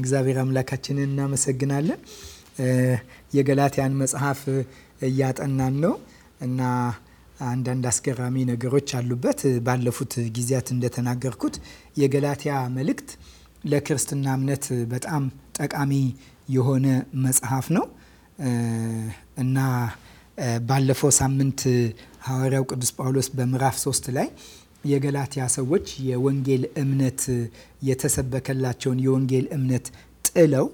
እግዚአብሔር አምላካችንን እናመሰግናለን። የገላትያን መጽሐፍ እያጠናን ነው እና አንዳንድ አስገራሚ ነገሮች አሉበት። ባለፉት ጊዜያት እንደተናገርኩት የገላትያ መልእክት ለክርስትና እምነት በጣም ጠቃሚ የሆነ መጽሐፍ ነው እና ባለፈው ሳምንት ሐዋርያው ቅዱስ ጳውሎስ በምዕራፍ ሶስት ላይ የገላትያ ሰዎች የወንጌል እምነት የተሰበከላቸውን የወንጌል እምነት ጥለው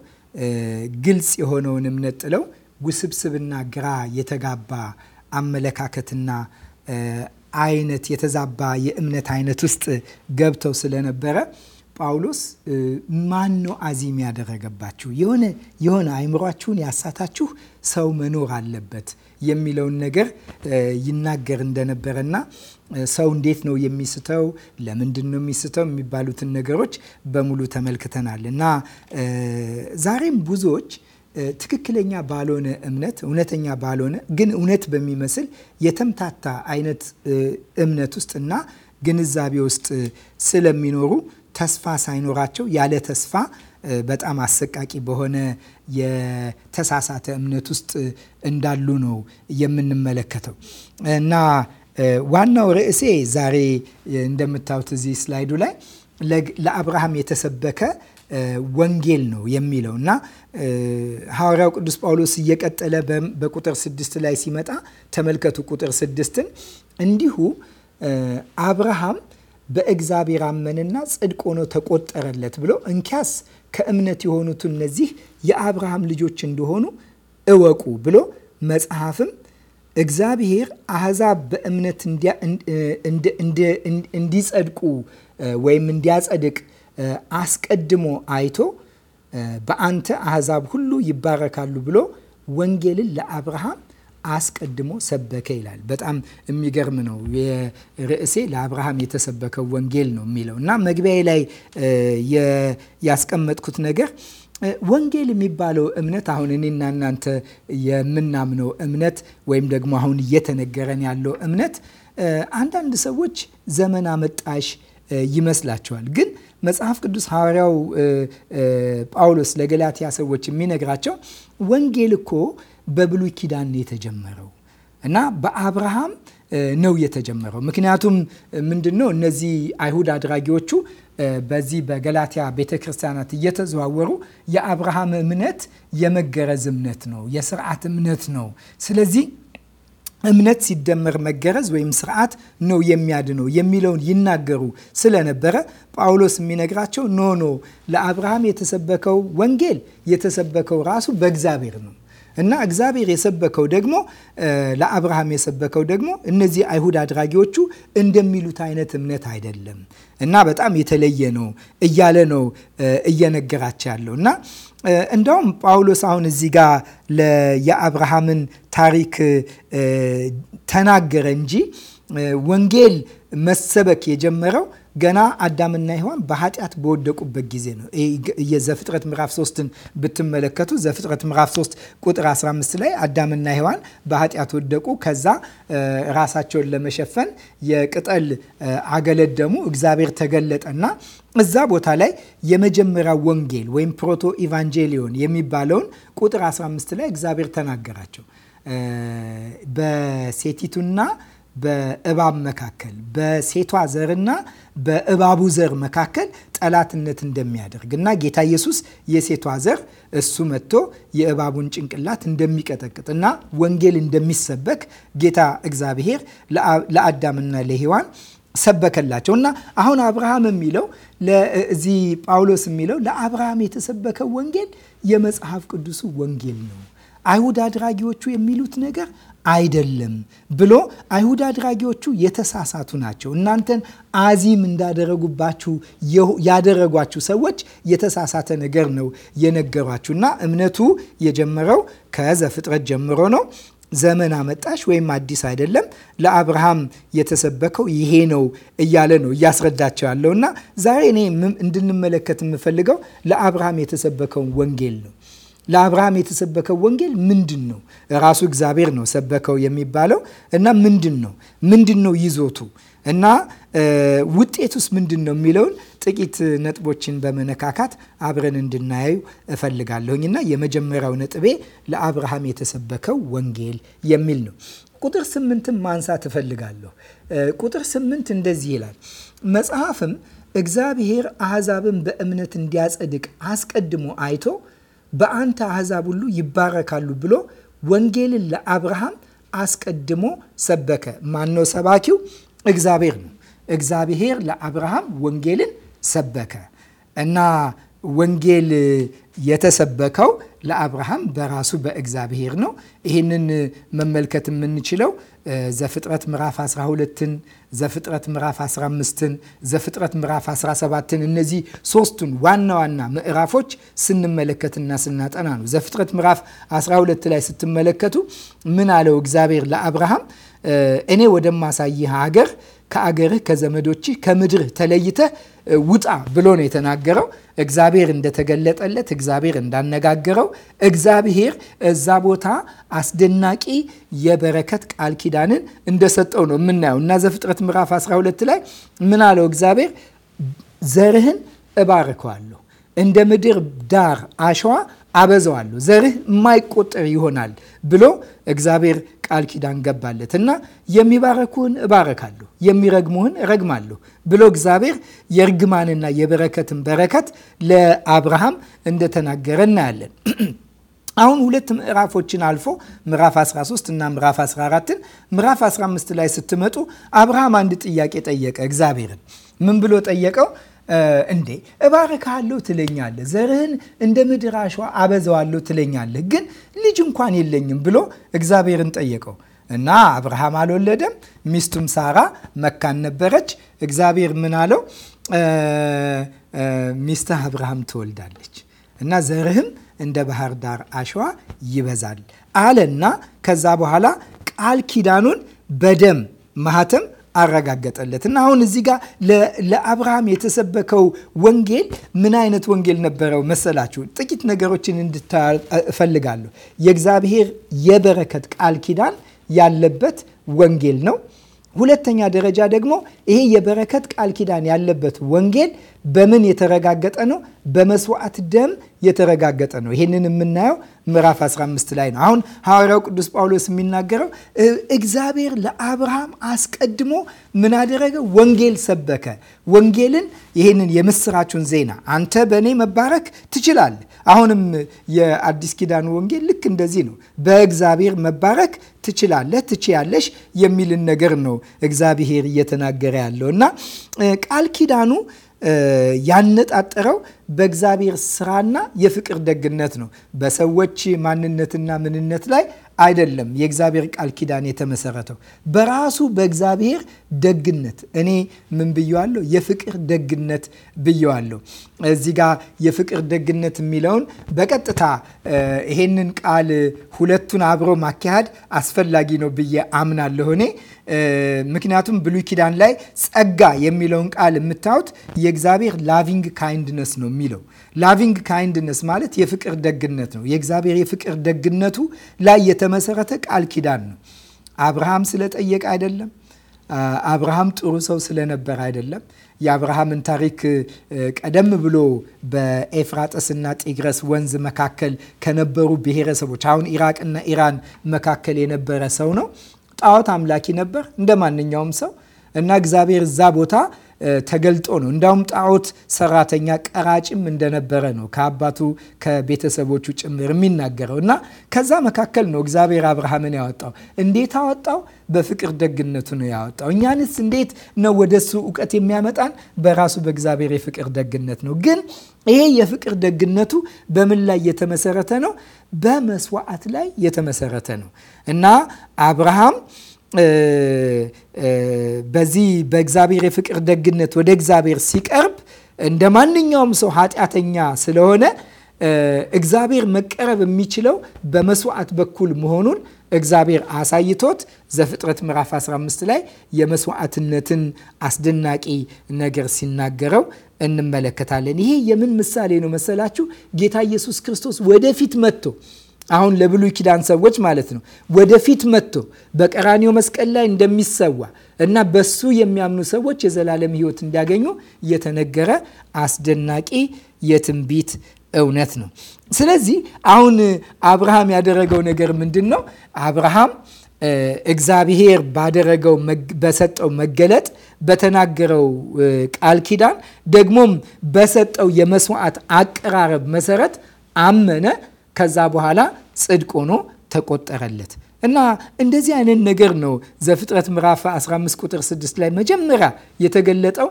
ግልጽ የሆነውን እምነት ጥለው ውስብስብና ግራ የተጋባ አመለካከትና አይነት የተዛባ የእምነት አይነት ውስጥ ገብተው ስለነበረ ጳውሎስ ማን ነው አዚም ያደረገባችሁ? የሆነ የሆነ አይምሯችሁን ያሳታችሁ ሰው መኖር አለበት የሚለውን ነገር ይናገር እንደነበረና ሰው እንዴት ነው የሚስተው፣ ለምንድን ነው የሚስተው የሚባሉትን ነገሮች በሙሉ ተመልክተናል እና ዛሬም ብዙዎች ትክክለኛ ባልሆነ እምነት እውነተኛ ባልሆነ ግን እውነት በሚመስል የተምታታ አይነት እምነት ውስጥ እና ግንዛቤ ውስጥ ስለሚኖሩ ተስፋ ሳይኖራቸው ያለ ተስፋ በጣም አሰቃቂ በሆነ የተሳሳተ እምነት ውስጥ እንዳሉ ነው የምንመለከተው እና ዋናው ርዕሴ ዛሬ እንደምታዩት እዚህ ስላይዱ ላይ ለአብርሃም የተሰበከ ወንጌል ነው የሚለው እና ሐዋርያው ቅዱስ ጳውሎስ እየቀጠለ በቁጥር ስድስት ላይ ሲመጣ ተመልከቱ። ቁጥር ስድስትን እንዲሁ አብርሃም በእግዚአብሔር አመንና ጽድቅ ሆኖ ተቆጠረለት ብሎ እንኪያስ ከእምነት የሆኑት እነዚህ የአብርሃም ልጆች እንደሆኑ እወቁ ብሎ መጽሐፍም እግዚአብሔር አህዛብ በእምነት እንዲጸድቁ ወይም እንዲያጸድቅ አስቀድሞ አይቶ በአንተ አህዛብ ሁሉ ይባረካሉ ብሎ ወንጌልን ለአብርሃም አስቀድሞ ሰበከ ይላል። በጣም የሚገርም ነው። የርዕሴ ለአብርሃም የተሰበከው ወንጌል ነው የሚለው እና መግቢያዬ ላይ ያስቀመጥኩት ነገር ወንጌል የሚባለው እምነት አሁን እኔና እናንተ የምናምነው እምነት ወይም ደግሞ አሁን እየተነገረን ያለው እምነት አንዳንድ ሰዎች ዘመን አመጣሽ ይመስላቸዋል። ግን መጽሐፍ ቅዱስ ሐዋርያው ጳውሎስ ለገላትያ ሰዎች የሚነግራቸው ወንጌል እኮ በብሉይ ኪዳን የተጀመረው እና በአብርሃም ነው የተጀመረው። ምክንያቱም ምንድን ነው እነዚህ አይሁድ አድራጊዎቹ በዚህ በገላትያ ቤተ ክርስቲያናት እየተዘዋወሩ የአብርሃም እምነት የመገረዝ እምነት ነው፣ የስርዓት እምነት ነው። ስለዚህ እምነት ሲደመር መገረዝ ወይም ስርዓት ነው የሚያድነው የሚለውን ይናገሩ ስለነበረ ጳውሎስ የሚነግራቸው ኖ ኖ፣ ለአብርሃም የተሰበከው ወንጌል የተሰበከው ራሱ በእግዚአብሔር ነው እና እግዚአብሔር የሰበከው ደግሞ ለአብርሃም የሰበከው ደግሞ እነዚህ አይሁድ አድራጊዎቹ እንደሚሉት አይነት እምነት አይደለም እና በጣም የተለየ ነው እያለ ነው እየነገራቸው ያለው እና እንዳውም ጳውሎስ አሁን እዚህ ጋር የአብርሃምን ታሪክ ተናገረ እንጂ ወንጌል መሰበክ የጀመረው ገና አዳምና ሔዋን በኃጢአት በወደቁበት ጊዜ ነው። የዘፍጥረት ምዕራፍ 3 ብትመለከቱ ዘፍጥረት ምዕራፍ 3 ቁጥር 15 ላይ አዳምና ሔዋን በኃጢአት ወደቁ። ከዛ ራሳቸውን ለመሸፈን የቅጠል አገለደሙ። እግዚአብሔር ተገለጠና እዛ ቦታ ላይ የመጀመሪያው ወንጌል ወይም ፕሮቶ ኢቫንጄሊዮን የሚባለውን ቁጥር 15 ላይ እግዚአብሔር ተናገራቸው በሴቲቱና በእባብ መካከል በሴቷ ዘርና በእባቡ ዘር መካከል ጠላትነት እንደሚያደርግ እና ጌታ ኢየሱስ የሴቷ ዘር እሱ መጥቶ የእባቡን ጭንቅላት እንደሚቀጠቅጥ እና ወንጌል እንደሚሰበክ ጌታ እግዚአብሔር ለአዳምና ለሔዋን ሰበከላቸው እና አሁን አብርሃም የሚለው እዚህ ጳውሎስ የሚለው ለአብርሃም የተሰበከው ወንጌል የመጽሐፍ ቅዱሱ ወንጌል ነው። አይሁድ አድራጊዎቹ የሚሉት ነገር አይደለም ብሎ አይሁድ አድራጊዎቹ የተሳሳቱ ናቸው። እናንተን አዚም እንዳደረጉባችሁ ያደረጓችሁ ሰዎች የተሳሳተ ነገር ነው የነገሯችሁ እና እምነቱ የጀመረው ከዘፍጥረት ጀምሮ ነው። ዘመን አመጣሽ ወይም አዲስ አይደለም። ለአብርሃም የተሰበከው ይሄ ነው እያለ ነው እያስረዳቸው ያለው እና ዛሬ እኔ እንድንመለከት የምፈልገው ለአብርሃም የተሰበከውን ወንጌል ነው ለአብርሃም የተሰበከው ወንጌል ምንድን ነው? ራሱ እግዚአብሔር ነው ሰበከው የሚባለው እና ምንድን ነው ምንድን ነው ይዞቱ እና ውጤቱስ ምንድን ነው የሚለውን ጥቂት ነጥቦችን በመነካካት አብረን እንድናየው እፈልጋለሁኝ እና የመጀመሪያው ነጥቤ ለአብርሃም የተሰበከው ወንጌል የሚል ነው። ቁጥር ስምንትም ማንሳት እፈልጋለሁ። ቁጥር ስምንት እንደዚህ ይላል፣ መጽሐፍም እግዚአብሔር አሕዛብን በእምነት እንዲያጸድቅ አስቀድሞ አይቶ በአንተ አሕዛብ ሁሉ ይባረካሉ ብሎ ወንጌልን ለአብርሃም አስቀድሞ ሰበከ። ማነው ሰባኪው? እግዚአብሔር ነው። እግዚአብሔር ለአብርሃም ወንጌልን ሰበከ እና ወንጌል የተሰበከው ለአብርሃም በራሱ በእግዚአብሔር ነው። ይህንን መመልከት የምንችለው ዘፍጥረት ምዕራፍ 12ን፣ ዘፍጥረት ምዕራፍ 15ን፣ ዘፍጥረት ምዕራፍ 17ን እነዚህ ሶስቱን ዋና ዋና ምዕራፎች ስንመለከትና ስናጠና ነው። ዘፍጥረት ምዕራፍ 12 ላይ ስትመለከቱ ምን አለው እግዚአብሔር ለአብርሃም እኔ ወደማሳይህ ሀገር ከአገርህ፣ ከዘመዶችህ፣ ከምድርህ ተለይተህ ውጣ ብሎ ነው የተናገረው። እግዚአብሔር እንደተገለጠለት፣ እግዚአብሔር እንዳነጋገረው፣ እግዚአብሔር እዛ ቦታ አስደናቂ የበረከት ቃል ኪዳንን እንደሰጠው ነው የምናየው እና ዘፍጥረት ምዕራፍ 12 ላይ ምን አለው እግዚአብሔር ዘርህን እባርከዋለሁ እንደ ምድር ዳር አሸዋ አበዛዋለሁ ዘርህ የማይቆጠር ይሆናል ብሎ እግዚአብሔር ቃል ኪዳን ገባለት እና የሚባረኩህን እባረካለሁ፣ የሚረግሙህን እረግማለሁ ብሎ እግዚአብሔር የእርግማንና የበረከትን በረከት ለአብርሃም እንደተናገረ እናያለን። አሁን ሁለት ምዕራፎችን አልፎ ምዕራፍ 13 እና ምዕራፍ 14ን ምዕራፍ 15 ላይ ስትመጡ አብርሃም አንድ ጥያቄ ጠየቀ እግዚአብሔርን። ምን ብሎ ጠየቀው? እንዴ እባርካለሁ ትለኛለህ፣ ዘርህን እንደ ምድር አሸዋ አበዛዋለሁ ትለኛለህ፣ ግን ልጅ እንኳን የለኝም ብሎ እግዚአብሔርን ጠየቀው እና አብርሃም አልወለደም። ሚስቱም ሳራ መካን ነበረች። እግዚአብሔር ምን አለው? ሚስትህ አብርሃም ትወልዳለች እና ዘርህም እንደ ባህር ዳር አሸዋ ይበዛል አለና ከዛ በኋላ ቃል ኪዳኑን በደም ማህተም አረጋገጠለት እና አሁን እዚህ ጋር ለአብርሃም የተሰበከው ወንጌል ምን አይነት ወንጌል ነበረው መሰላችሁ? ጥቂት ነገሮችን እንድታፈልጋለሁ እፈልጋለሁ። የእግዚአብሔር የበረከት ቃል ኪዳን ያለበት ወንጌል ነው። ሁለተኛ ደረጃ ደግሞ ይሄ የበረከት ቃል ኪዳን ያለበት ወንጌል በምን የተረጋገጠ ነው? በመስዋዕት ደም የተረጋገጠ ነው። ይሄንን የምናየው ምዕራፍ 15 ላይ ነው። አሁን ሐዋርያው ቅዱስ ጳውሎስ የሚናገረው እግዚአብሔር ለአብርሃም አስቀድሞ ምን አደረገ? ወንጌል ሰበከ። ወንጌልን ይሄንን የምስራቹን ዜና አንተ በእኔ መባረክ ትችላለህ። አሁንም የአዲስ ኪዳን ወንጌል ልክ እንደዚህ ነው። በእግዚአብሔር መባረክ ትችላለህ፣ ትችያለሽ የሚልን ነገር ነው እግዚአብሔር እየተናገረ ያለው እና ቃል ኪዳኑ ያነጣጠረው በእግዚአብሔር ስራና የፍቅር ደግነት ነው። በሰዎች ማንነትና ምንነት ላይ አይደለም የእግዚአብሔር ቃል ኪዳን የተመሰረተው በራሱ በእግዚአብሔር ደግነት። እኔ ምን ብየዋለሁ? የፍቅር ደግነት ብየዋለሁ። እዚህ ጋር የፍቅር ደግነት የሚለውን በቀጥታ ይሄንን ቃል ሁለቱን አብሮ ማካሄድ አስፈላጊ ነው ብዬ አምናለሁ እኔ ምክንያቱም ብሉይ ኪዳን ላይ ጸጋ የሚለውን ቃል የምታዩት የእግዚአብሔር ላቪንግ ካይንድነስ ነው የሚለው። ላቪንግ ካይንድነስ ማለት የፍቅር ደግነት ነው። የእግዚአብሔር የፍቅር ደግነቱ ላይ የተመሰረተ ቃል ኪዳን ነው። አብርሃም ስለጠየቀ አይደለም። አብርሃም ጥሩ ሰው ስለነበር አይደለም። የአብርሃምን ታሪክ ቀደም ብሎ በኤፍራጥስና ጤግረስ ወንዝ መካከል ከነበሩ ብሔረሰቦች አሁን ኢራቅና ኢራን መካከል የነበረ ሰው ነው። ጣዖት አምላኪ ነበር እንደ ማንኛውም ሰው እና እግዚአብሔር እዛ ቦታ ተገልጦ ነው። እንዳውም ጣዖት ሰራተኛ ቀራጭም እንደነበረ ነው ከአባቱ ከቤተሰቦቹ ጭምር የሚናገረው እና ከዛ መካከል ነው እግዚአብሔር አብርሃምን ያወጣው። እንዴት አወጣው? በፍቅር ደግነቱ ነው ያወጣው። እኛንስ እንዴት ነው ወደሱ እውቀት የሚያመጣን? በራሱ በእግዚአብሔር የፍቅር ደግነት ነው። ግን ይሄ የፍቅር ደግነቱ በምን ላይ የተመሰረተ ነው? በመስዋዕት ላይ የተመሰረተ ነው። እና አብርሃም በዚህ በእግዚአብሔር የፍቅር ደግነት ወደ እግዚአብሔር ሲቀርብ እንደ ማንኛውም ሰው ኃጢአተኛ ስለሆነ እግዚአብሔር መቀረብ የሚችለው በመስዋዕት በኩል መሆኑን እግዚአብሔር አሳይቶት ዘፍጥረት ምዕራፍ 15 ላይ የመስዋዕትነትን አስደናቂ ነገር ሲናገረው እንመለከታለን። ይሄ የምን ምሳሌ ነው መሰላችሁ? ጌታ ኢየሱስ ክርስቶስ ወደፊት መጥቶ አሁን ለብሉይ ኪዳን ሰዎች ማለት ነው። ወደፊት መጥቶ በቀራኒው መስቀል ላይ እንደሚሰዋ እና በሱ የሚያምኑ ሰዎች የዘላለም ሕይወት እንዲያገኙ የተነገረ አስደናቂ የትንቢት እውነት ነው። ስለዚህ አሁን አብርሃም ያደረገው ነገር ምንድን ነው? አብርሃም እግዚአብሔር ባደረገው በሰጠው መገለጥ በተናገረው ቃል ኪዳን ደግሞም በሰጠው የመስዋዕት አቀራረብ መሰረት አመነ። ከዛ በኋላ ጽድቅ ሆኖ ተቆጠረለት እና እንደዚህ አይነት ነገር ነው ዘፍጥረት ምዕራፍ 15 ቁጥር 6 ላይ መጀመሪያ የተገለጠው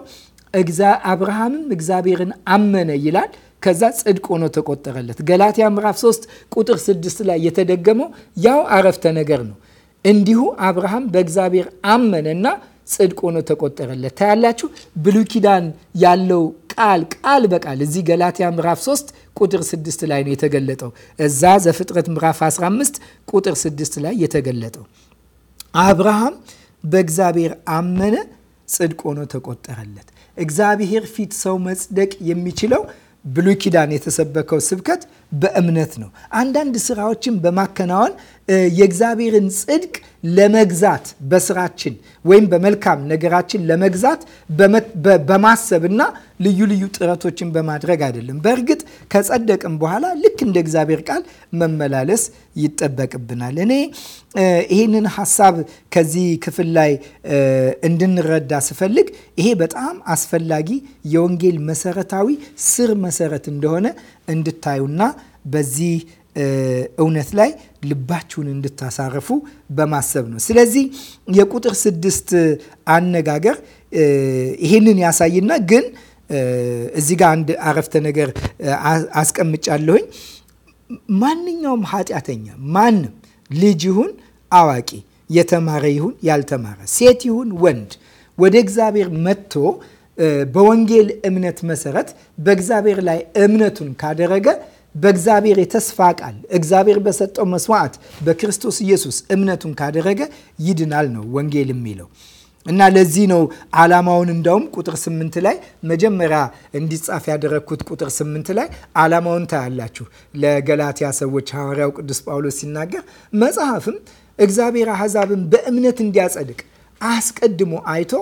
አብርሃምም እግዚአብሔርን አመነ ይላል። ከዛ ጽድቅ ሆኖ ተቆጠረለት። ገላትያ ምዕራፍ 3 ቁጥር 6 ላይ የተደገመው ያው አረፍተ ነገር ነው። እንዲሁ አብርሃም በእግዚአብሔር አመነና ጽድቅ ሆኖ ተቆጠረለት። ታያላችሁ ብሉይ ኪዳን ያለው ቃል ቃል በቃል እዚህ ገላትያ ምዕራፍ 3 ቁጥር 6 ላይ ነው የተገለጠው። እዛ ዘፍጥረት ምዕራፍ 15 ቁጥር 6 ላይ የተገለጠው አብርሃም በእግዚአብሔር አመነ፣ ጽድቅ ሆኖ ተቆጠረለት። እግዚአብሔር ፊት ሰው መጽደቅ የሚችለው ብሉይ ኪዳን የተሰበከው ስብከት በእምነት ነው። አንዳንድ ስራዎችን በማከናወን የእግዚአብሔርን ጽድቅ ለመግዛት በስራችን ወይም በመልካም ነገራችን ለመግዛት በማሰብና ልዩ ልዩ ጥረቶችን በማድረግ አይደለም። በእርግጥ ከጸደቅም በኋላ ልክ እንደ እግዚአብሔር ቃል መመላለስ ይጠበቅብናል። እኔ ይህንን ሀሳብ ከዚህ ክፍል ላይ እንድንረዳ ስፈልግ ይሄ በጣም አስፈላጊ የወንጌል መሰረታዊ ስር መሰረት እንደሆነ እንድታዩና በዚህ እውነት ላይ ልባችሁን እንድታሳርፉ በማሰብ ነው። ስለዚህ የቁጥር ስድስት አነጋገር ይህንን ያሳይና ግን እዚህ ጋር አንድ አረፍተ ነገር አስቀምጫለሁኝ። ማንኛውም ኃጢአተኛ ማንም ልጅ ይሁን አዋቂ፣ የተማረ ይሁን ያልተማረ፣ ሴት ይሁን ወንድ ወደ እግዚአብሔር መጥቶ በወንጌል እምነት መሰረት በእግዚአብሔር ላይ እምነቱን ካደረገ በእግዚአብሔር የተስፋ ቃል እግዚአብሔር በሰጠው መስዋዕት በክርስቶስ ኢየሱስ እምነቱን ካደረገ ይድናል ነው ወንጌል የሚለው እና ለዚህ ነው ዓላማውን እንዳውም ቁጥር ስምንት ላይ መጀመሪያ እንዲጻፍ ያደረግኩት ቁጥር ስምንት ላይ ዓላማውን ታያላችሁ። ለገላትያ ሰዎች ሐዋርያው ቅዱስ ጳውሎስ ሲናገር መጽሐፍም እግዚአብሔር አሕዛብን በእምነት እንዲያጸድቅ አስቀድሞ አይቶ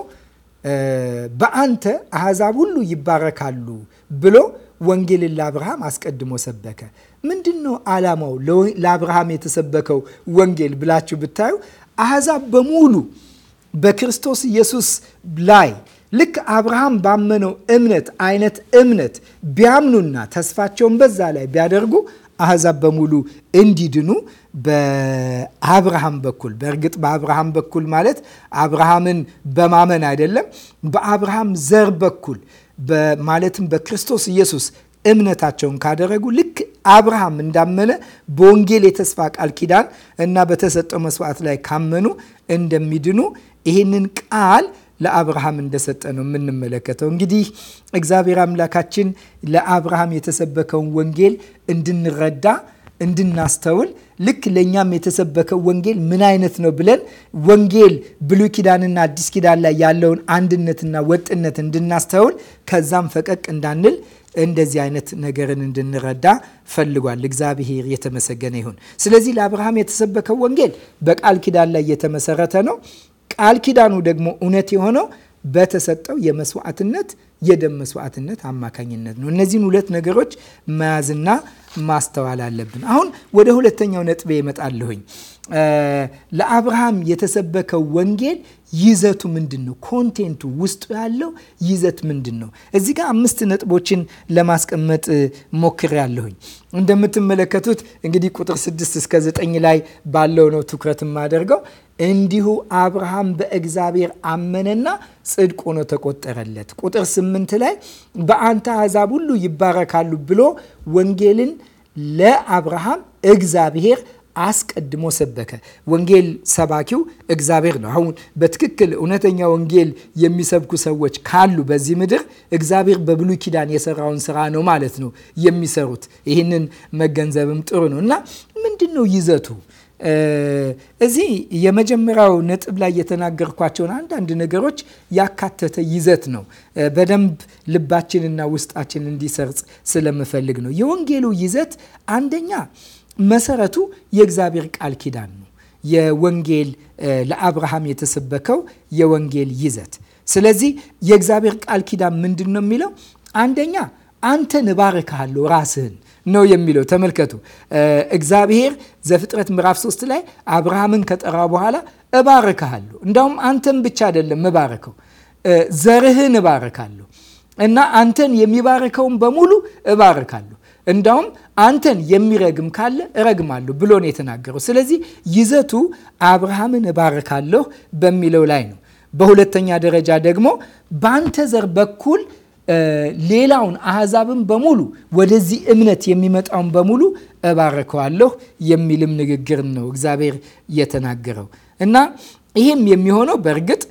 በአንተ አሕዛብ ሁሉ ይባረካሉ ብሎ ወንጌልን ለአብርሃም አስቀድሞ ሰበከ። ምንድን ነው ዓላማው? ለአብርሃም የተሰበከው ወንጌል ብላችሁ ብታዩ አሕዛብ በሙሉ በክርስቶስ ኢየሱስ ላይ ልክ አብርሃም ባመነው እምነት አይነት እምነት ቢያምኑና ተስፋቸውን በዛ ላይ ቢያደርጉ አሕዛብ በሙሉ እንዲድኑ በአብርሃም በኩል በእርግጥ በአብርሃም በኩል ማለት አብርሃምን በማመን አይደለም፣ በአብርሃም ዘር በኩል ማለትም በክርስቶስ ኢየሱስ እምነታቸውን ካደረጉ ልክ አብርሃም እንዳመነ በወንጌል የተስፋ ቃል ኪዳን እና በተሰጠው መስዋዕት ላይ ካመኑ እንደሚድኑ ይህንን ቃል ለአብርሃም እንደሰጠ ነው የምንመለከተው። እንግዲህ እግዚአብሔር አምላካችን ለአብርሃም የተሰበከውን ወንጌል እንድንረዳ እንድናስተውል ልክ ለእኛም የተሰበከው ወንጌል ምን አይነት ነው ብለን ወንጌል ብሉይ ኪዳንና አዲስ ኪዳን ላይ ያለውን አንድነትና ወጥነት እንድናስተውል ከዛም ፈቀቅ እንዳንል እንደዚህ አይነት ነገርን እንድንረዳ ፈልጓል። እግዚአብሔር የተመሰገነ ይሁን። ስለዚህ ለአብርሃም የተሰበከው ወንጌል በቃል ኪዳን ላይ የተመሰረተ ነው። ቃል ኪዳኑ ደግሞ እውነት የሆነው በተሰጠው የመስዋዕትነት የደም መስዋዕትነት አማካኝነት ነው። እነዚህን ሁለት ነገሮች መያዝና ማስተዋል አለብን። አሁን ወደ ሁለተኛው ነጥቤ እመጣለሁኝ። ለአብርሃም የተሰበከው ወንጌል ይዘቱ ምንድን ነው? ኮንቴንቱ ውስጡ ያለው ይዘት ምንድን ነው? እዚህ ጋር አምስት ነጥቦችን ለማስቀመጥ ሞክሬያለሁኝ። እንደምትመለከቱት እንግዲህ ቁጥር ስድስት እስከ ዘጠኝ ላይ ባለው ነው ትኩረት የማደርገው። እንዲሁ አብርሃም በእግዚአብሔር አመነና ጽድቅ ሆኖ ተቆጠረለት። ቁጥር ስምንት ላይ በአንተ አሕዛብ ሁሉ ይባረካሉ ብሎ ወንጌልን ለአብርሃም እግዚአብሔር አስቀድሞ ሰበከ። ወንጌል ሰባኪው እግዚአብሔር ነው። አሁን በትክክል እውነተኛ ወንጌል የሚሰብኩ ሰዎች ካሉ በዚህ ምድር እግዚአብሔር በብሉይ ኪዳን የሰራውን ስራ ነው ማለት ነው የሚሰሩት። ይህንን መገንዘብም ጥሩ ነው እና ምንድን ነው ይዘቱ እዚህ የመጀመሪያው ነጥብ ላይ የተናገርኳቸውን አንዳንድ ነገሮች ያካተተ ይዘት ነው። በደንብ ልባችንና ውስጣችን እንዲሰርጽ ስለምፈልግ ነው። የወንጌሉ ይዘት አንደኛ መሰረቱ የእግዚአብሔር ቃል ኪዳን ነው። የወንጌል ለአብርሃም የተሰበከው የወንጌል ይዘት። ስለዚህ የእግዚአብሔር ቃል ኪዳን ምንድን ነው የሚለው? አንደኛ አንተን እባርክሃለሁ ራስህን ነው የሚለው። ተመልከቱ እግዚአብሔር ዘፍጥረት ምዕራፍ 3 ላይ አብርሃምን ከጠራ በኋላ እባርክሃለሁ፣ እንዳውም አንተን ብቻ አይደለም እባርከው ዘርህን እባርካለሁ እና አንተን የሚባርከውን በሙሉ እባርካለሁ እንዳውም አንተን የሚረግም ካለ እረግማለሁ ብሎ ነው የተናገረው። ስለዚህ ይዘቱ አብርሃምን እባርካለሁ በሚለው ላይ ነው። በሁለተኛ ደረጃ ደግሞ በአንተ ዘር በኩል ሌላውን አህዛብን በሙሉ ወደዚህ እምነት የሚመጣውን በሙሉ እባርከዋለሁ የሚልም ንግግር ነው እግዚአብሔር የተናገረው እና ይህም የሚሆነው በእርግጥ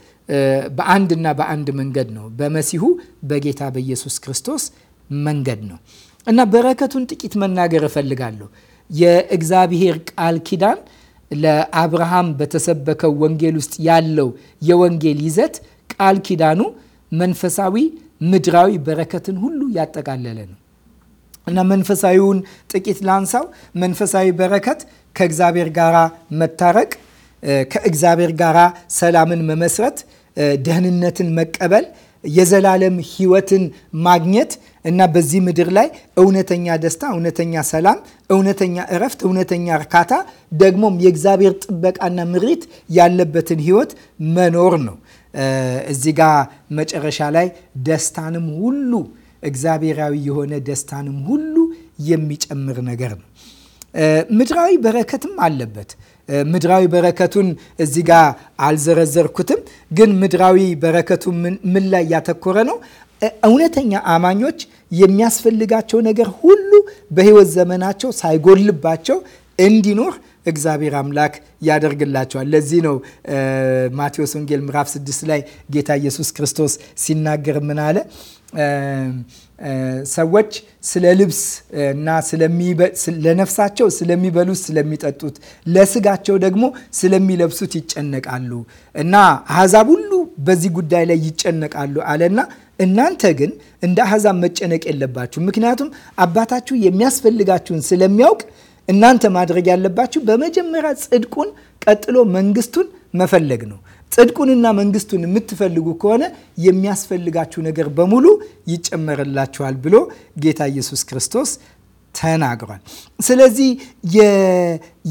በአንድና በአንድ መንገድ ነው። በመሲሁ በጌታ በኢየሱስ ክርስቶስ መንገድ ነው እና በረከቱን ጥቂት መናገር እፈልጋለሁ። የእግዚአብሔር ቃል ኪዳን ለአብርሃም በተሰበከው ወንጌል ውስጥ ያለው የወንጌል ይዘት ቃል ኪዳኑ መንፈሳዊ ምድራዊ በረከትን ሁሉ ያጠቃለለ ነው እና መንፈሳዊውን ጥቂት ላንሳው። መንፈሳዊ በረከት ከእግዚአብሔር ጋራ መታረቅ፣ ከእግዚአብሔር ጋራ ሰላምን መመስረት፣ ደህንነትን መቀበል፣ የዘላለም ሕይወትን ማግኘት እና በዚህ ምድር ላይ እውነተኛ ደስታ፣ እውነተኛ ሰላም፣ እውነተኛ እረፍት፣ እውነተኛ እርካታ ደግሞም የእግዚአብሔር ጥበቃና ምሪት ያለበትን ሕይወት መኖር ነው። እዚህ ጋ መጨረሻ ላይ ደስታንም ሁሉ እግዚአብሔራዊ የሆነ ደስታንም ሁሉ የሚጨምር ነገር ነው። ምድራዊ በረከትም አለበት። ምድራዊ በረከቱን እዚህ ጋ አልዘረዘርኩትም፣ ግን ምድራዊ በረከቱ ምን ላይ ያተኮረ ነው? እውነተኛ አማኞች የሚያስፈልጋቸው ነገር ሁሉ በሕይወት ዘመናቸው ሳይጎልባቸው እንዲኖር እግዚአብሔር አምላክ ያደርግላቸዋል። ለዚህ ነው ማቴዎስ ወንጌል ምዕራፍ 6 ላይ ጌታ ኢየሱስ ክርስቶስ ሲናገር ምን አለ? ሰዎች ስለ ልብስ እና ለነፍሳቸው ስለሚበሉት ስለሚጠጡት፣ ለስጋቸው ደግሞ ስለሚለብሱት ይጨነቃሉ እና አሕዛብ ሁሉ በዚህ ጉዳይ ላይ ይጨነቃሉ አለና እናንተ ግን እንደ አሕዛብ መጨነቅ የለባችሁ፣ ምክንያቱም አባታችሁ የሚያስፈልጋችሁን ስለሚያውቅ እናንተ ማድረግ ያለባችሁ በመጀመሪያ ጽድቁን፣ ቀጥሎ መንግስቱን መፈለግ ነው። ጽድቁንና መንግስቱን የምትፈልጉ ከሆነ የሚያስፈልጋችሁ ነገር በሙሉ ይጨመርላችኋል ብሎ ጌታ ኢየሱስ ክርስቶስ ተናግሯል። ስለዚህ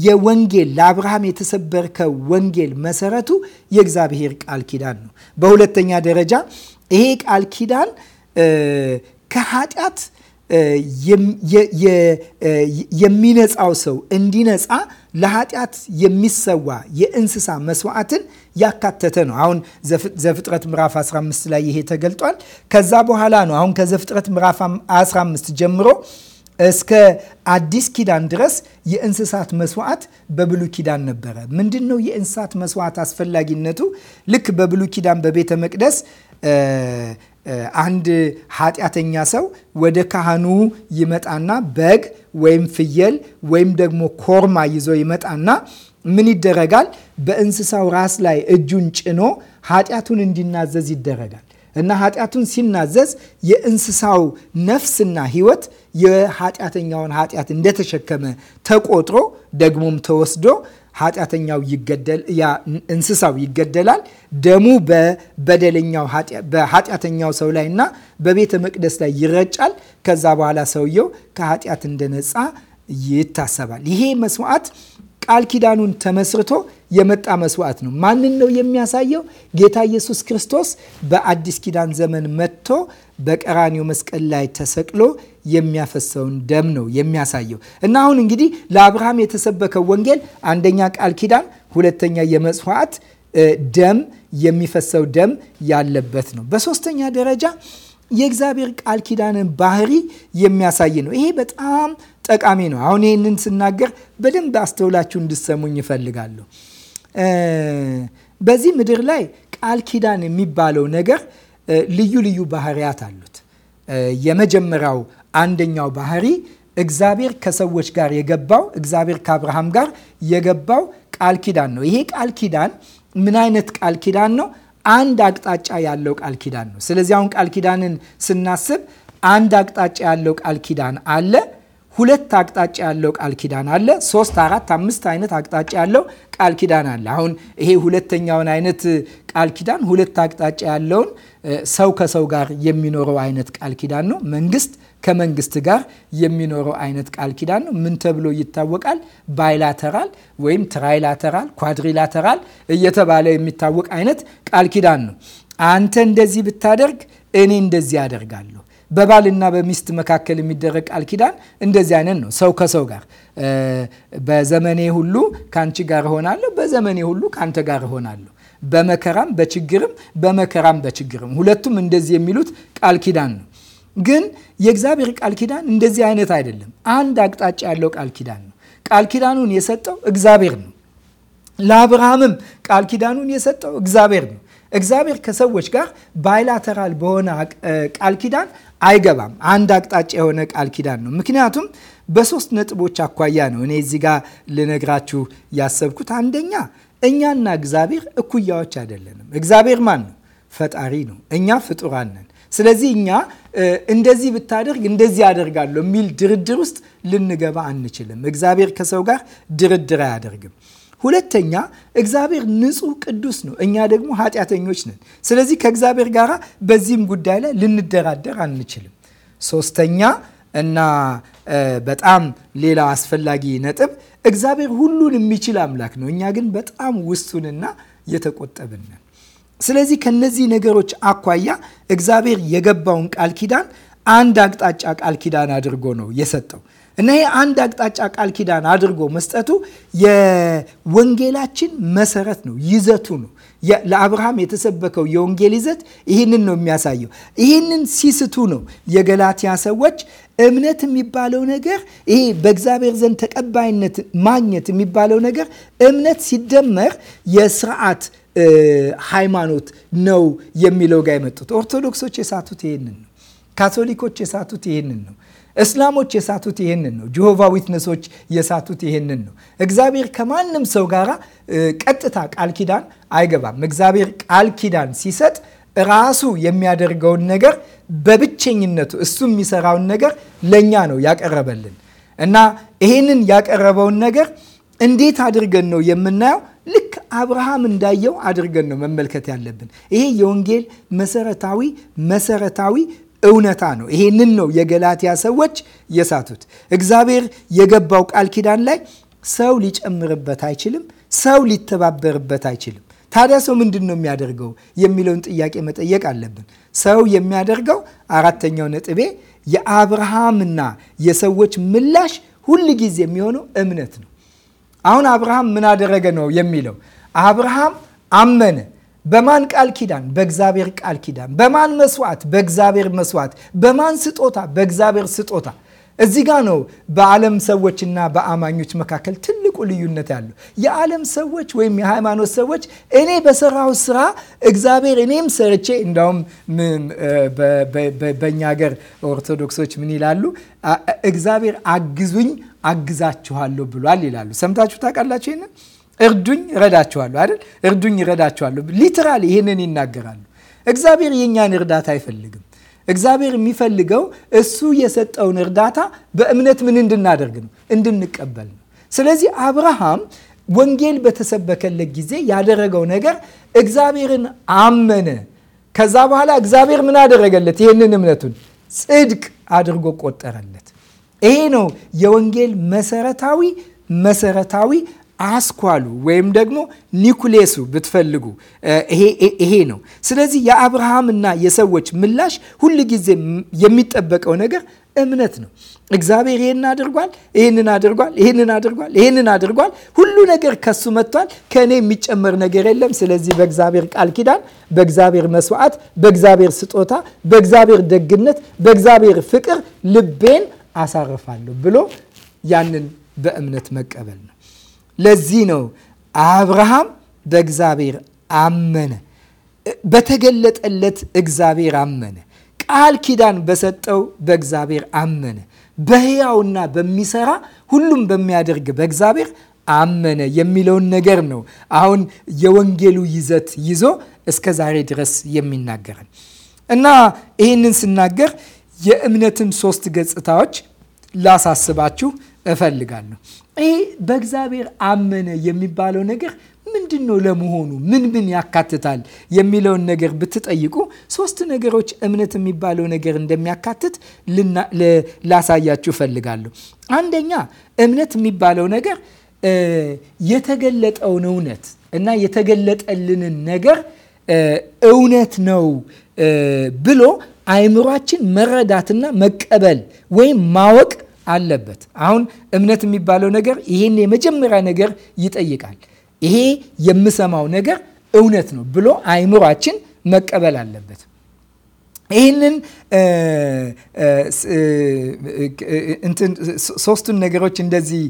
የወንጌል ለአብርሃም የተሰበርከው ወንጌል መሰረቱ የእግዚአብሔር ቃል ኪዳን ነው። በሁለተኛ ደረጃ ይሄ ቃል ኪዳን ከኃጢአት የሚነፃው ሰው እንዲነፃ ለኃጢአት የሚሰዋ የእንስሳ መስዋዕትን ያካተተ ነው። አሁን ዘፍጥረት ምዕራፍ 15 ላይ ይሄ ተገልጧል። ከዛ በኋላ ነው አሁን ከዘፍጥረት ምዕራፍ 15 ጀምሮ እስከ አዲስ ኪዳን ድረስ የእንስሳት መስዋዕት በብሉ ኪዳን ነበረ። ምንድን ነው የእንስሳት መስዋዕት አስፈላጊነቱ? ልክ በብሉ ኪዳን በቤተ መቅደስ አንድ ኃጢአተኛ ሰው ወደ ካህኑ ይመጣና በግ ወይም ፍየል ወይም ደግሞ ኮርማ ይዞ ይመጣና ምን ይደረጋል? በእንስሳው ራስ ላይ እጁን ጭኖ ኃጢአቱን እንዲናዘዝ ይደረጋል እና ኃጢአቱን ሲናዘዝ የእንስሳው ነፍስና ሕይወት የኃጢአተኛውን ኃጢአት እንደተሸከመ ተቆጥሮ ደግሞም ተወስዶ ኃጢአተኛው ይገደል ያ እንስሳው ይገደላል። ደሙ በበደለኛው በኃጢአተኛው ሰው ላይ እና በቤተ መቅደስ ላይ ይረጫል። ከዛ በኋላ ሰውየው ከኃጢአት እንደነፃ ይታሰባል። ይሄ መስዋዕት ቃል ኪዳኑን ተመስርቶ የመጣ መስዋዕት ነው። ማንን ነው የሚያሳየው? ጌታ ኢየሱስ ክርስቶስ በአዲስ ኪዳን ዘመን መጥቶ በቀራኒው መስቀል ላይ ተሰቅሎ የሚያፈሰውን ደም ነው የሚያሳየው። እና አሁን እንግዲህ ለአብርሃም የተሰበከው ወንጌል አንደኛ ቃል ኪዳን፣ ሁለተኛ የመስዋዕት ደም የሚፈሰው ደም ያለበት ነው። በሶስተኛ ደረጃ የእግዚአብሔር ቃል ኪዳንን ባህሪ የሚያሳይ ነው። ይሄ በጣም ጠቃሚ ነው። አሁን ይህንን ስናገር በደንብ አስተውላችሁ እንድሰሙኝ ይፈልጋለሁ። በዚህ ምድር ላይ ቃል ኪዳን የሚባለው ነገር ልዩ ልዩ ባህሪያት አሉት። የመጀመሪያው አንደኛው ባህሪ እግዚአብሔር ከሰዎች ጋር የገባው እግዚአብሔር ከአብርሃም ጋር የገባው ቃል ኪዳን ነው። ይሄ ቃል ኪዳን ምን አይነት ቃል ኪዳን ነው? አንድ አቅጣጫ ያለው ቃል ኪዳን ነው። ስለዚህ አሁን ቃል ኪዳንን ስናስብ አንድ አቅጣጫ ያለው ቃል ኪዳን አለ ሁለት አቅጣጫ ያለው ቃል ኪዳን አለ። ሶስት፣ አራት፣ አምስት አይነት አቅጣጫ ያለው ቃል ኪዳን አለ። አሁን ይሄ ሁለተኛውን አይነት ቃል ኪዳን ሁለት አቅጣጫ ያለውን ሰው ከሰው ጋር የሚኖረው አይነት ቃል ኪዳን ነው። መንግስት ከመንግስት ጋር የሚኖረው አይነት ቃል ኪዳን ነው። ምን ተብሎ ይታወቃል? ባይላተራል ወይም ትራይላተራል፣ ኳድሪላተራል እየተባለ የሚታወቅ አይነት ቃል ኪዳን ነው። አንተ እንደዚህ ብታደርግ እኔ እንደዚህ አደርጋለሁ በባልና በሚስት መካከል የሚደረግ ቃል ኪዳን እንደዚህ አይነት ነው። ሰው ከሰው ጋር በዘመኔ ሁሉ ከአንቺ ጋር እሆናለሁ፣ በዘመኔ ሁሉ ከአንተ ጋር እሆናለሁ፣ በመከራም በችግርም በመከራም በችግርም ሁለቱም እንደዚህ የሚሉት ቃል ኪዳን ነው። ግን የእግዚአብሔር ቃል ኪዳን እንደዚህ አይነት አይደለም። አንድ አቅጣጫ ያለው ቃል ኪዳን ነው። ቃል ኪዳኑን የሰጠው እግዚአብሔር ነው። ለአብርሃምም ቃል ኪዳኑን የሰጠው እግዚአብሔር ነው። እግዚአብሔር ከሰዎች ጋር ባይላተራል በሆነ ቃል ኪዳን አይገባም። አንድ አቅጣጫ የሆነ ቃል ኪዳን ነው። ምክንያቱም በሶስት ነጥቦች አኳያ ነው እኔ እዚህ ጋር ልነግራችሁ ያሰብኩት። አንደኛ እኛና እግዚአብሔር እኩያዎች አይደለንም። እግዚአብሔር ማን ነው? ፈጣሪ ነው። እኛ ፍጡራን ነን። ስለዚህ እኛ እንደዚህ ብታደርግ እንደዚህ ያደርጋለሁ የሚል ድርድር ውስጥ ልንገባ አንችልም። እግዚአብሔር ከሰው ጋር ድርድር አያደርግም። ሁለተኛ እግዚአብሔር ንጹህ ቅዱስ ነው፣ እኛ ደግሞ ኃጢአተኞች ነን። ስለዚህ ከእግዚአብሔር ጋር በዚህም ጉዳይ ላይ ልንደራደር አንችልም። ሶስተኛ እና በጣም ሌላ አስፈላጊ ነጥብ እግዚአብሔር ሁሉን የሚችል አምላክ ነው፣ እኛ ግን በጣም ውሱንና የተቆጠብን ነን። ስለዚህ ከነዚህ ነገሮች አኳያ እግዚአብሔር የገባውን ቃል ኪዳን አንድ አቅጣጫ ቃል ኪዳን አድርጎ ነው የሰጠው። እና ይሄ አንድ አቅጣጫ ቃል ኪዳን አድርጎ መስጠቱ የወንጌላችን መሰረት ነው፣ ይዘቱ ነው። ለአብርሃም የተሰበከው የወንጌል ይዘት ይህንን ነው የሚያሳየው። ይህንን ሲስቱ ነው የገላትያ ሰዎች እምነት የሚባለው ነገር ይሄ በእግዚአብሔር ዘንድ ተቀባይነት ማግኘት የሚባለው ነገር እምነት ሲደመር የስርዓት ሃይማኖት ነው የሚለው ጋር የመጡት ኦርቶዶክሶች የሳቱት ይህንን ነው። ካቶሊኮች የሳቱት ይህንን ነው። እስላሞች የሳቱት ይህንን ነው። ጆሆቫ ዊትነሶች የሳቱት ይህንን ነው። እግዚአብሔር ከማንም ሰው ጋር ቀጥታ ቃል ኪዳን አይገባም። እግዚአብሔር ቃል ኪዳን ሲሰጥ ራሱ የሚያደርገውን ነገር በብቸኝነቱ እሱ የሚሰራውን ነገር ለእኛ ነው ያቀረበልን እና ይሄንን ያቀረበውን ነገር እንዴት አድርገን ነው የምናየው? ልክ አብርሃም እንዳየው አድርገን ነው መመልከት ያለብን። ይሄ የወንጌል መሰረታዊ መሰረታዊ እውነታ ነው። ይሄንን ነው የገላትያ ሰዎች የሳቱት። እግዚአብሔር የገባው ቃል ኪዳን ላይ ሰው ሊጨምርበት አይችልም፣ ሰው ሊተባበርበት አይችልም። ታዲያ ሰው ምንድን ነው የሚያደርገው የሚለውን ጥያቄ መጠየቅ አለብን። ሰው የሚያደርገው አራተኛው ነጥቤ የአብርሃምና የሰዎች ምላሽ ሁል ጊዜ የሚሆነው እምነት ነው። አሁን አብርሃም ምን አደረገ ነው የሚለው አብርሃም አመነ በማን ቃል ኪዳን? በእግዚአብሔር ቃል ኪዳን። በማን መስዋዕት? በእግዚአብሔር መስዋዕት። በማን ስጦታ? በእግዚአብሔር ስጦታ። እዚህ ጋ ነው በዓለም ሰዎችና በአማኞች መካከል ትልቁ ልዩነት ያለው። የዓለም ሰዎች ወይም የሃይማኖት ሰዎች እኔ በሰራው ስራ እግዚአብሔር እኔም ሰርቼ እንዳውም በእኛ ሀገር ኦርቶዶክሶች ምን ይላሉ? እግዚአብሔር አግዙኝ አግዛችኋለሁ ብሏል ይላሉ። ሰምታችሁ ታውቃላችሁ ይህንን እርዱኝ እረዳችኋለሁ አይደል? እርዱኝ እረዳችኋለሁ። ሊትራል ይህንን ይናገራሉ። እግዚአብሔር የእኛን እርዳታ አይፈልግም። እግዚአብሔር የሚፈልገው እሱ የሰጠውን እርዳታ በእምነት ምን እንድናደርግ ነው? እንድንቀበል ነው። ስለዚህ አብርሃም ወንጌል በተሰበከለት ጊዜ ያደረገው ነገር እግዚአብሔርን አመነ። ከዛ በኋላ እግዚአብሔር ምን አደረገለት? ይህንን እምነቱን ጽድቅ አድርጎ ቆጠረለት። ይሄ ነው የወንጌል መሰረታዊ መሰረታዊ አስኳሉ ወይም ደግሞ ኒኩሌሱ ብትፈልጉ ይሄ ነው። ስለዚህ የአብርሃምና የሰዎች ምላሽ ሁል ጊዜ የሚጠበቀው ነገር እምነት ነው። እግዚአብሔር ይህንን አድርጓል፣ ይህንን አድርጓል፣ ይህንን አድርጓል፣ ይህንን አድርጓል። ሁሉ ነገር ከሱ መጥቷል። ከእኔ የሚጨመር ነገር የለም። ስለዚህ በእግዚአብሔር ቃል ኪዳን፣ በእግዚአብሔር መስዋዕት፣ በእግዚአብሔር ስጦታ፣ በእግዚአብሔር ደግነት፣ በእግዚአብሔር ፍቅር ልቤን አሳርፋለሁ ብሎ ያንን በእምነት መቀበል ነው። ለዚህ ነው አብርሃም በእግዚአብሔር አመነ፣ በተገለጠለት እግዚአብሔር አመነ፣ ቃል ኪዳን በሰጠው በእግዚአብሔር አመነ፣ በሕያውና በሚሰራ ሁሉም በሚያደርግ በእግዚአብሔር አመነ የሚለውን ነገር ነው አሁን የወንጌሉ ይዘት ይዞ እስከ ዛሬ ድረስ የሚናገረን እና ይህንን ስናገር የእምነትም ሶስት ገጽታዎች ላሳስባችሁ እፈልጋለሁ። ይሄ በእግዚአብሔር አመነ የሚባለው ነገር ምንድን ነው ለመሆኑ? ምን ምን ያካትታል የሚለውን ነገር ብትጠይቁ ሶስት ነገሮች እምነት የሚባለው ነገር እንደሚያካትት ላሳያችሁ ፈልጋለሁ አንደኛ እምነት የሚባለው ነገር የተገለጠውን እውነት እና የተገለጠልንን ነገር እውነት ነው ብሎ አይምሯችን መረዳትና መቀበል ወይም ማወቅ አለበት። አሁን እምነት የሚባለው ነገር ይሄን የመጀመሪያ ነገር ይጠይቃል። ይሄ የምሰማው ነገር እውነት ነው ብሎ አእምሯችን መቀበል አለበት። ይህንን ሶስቱን ነገሮች እንደዚህ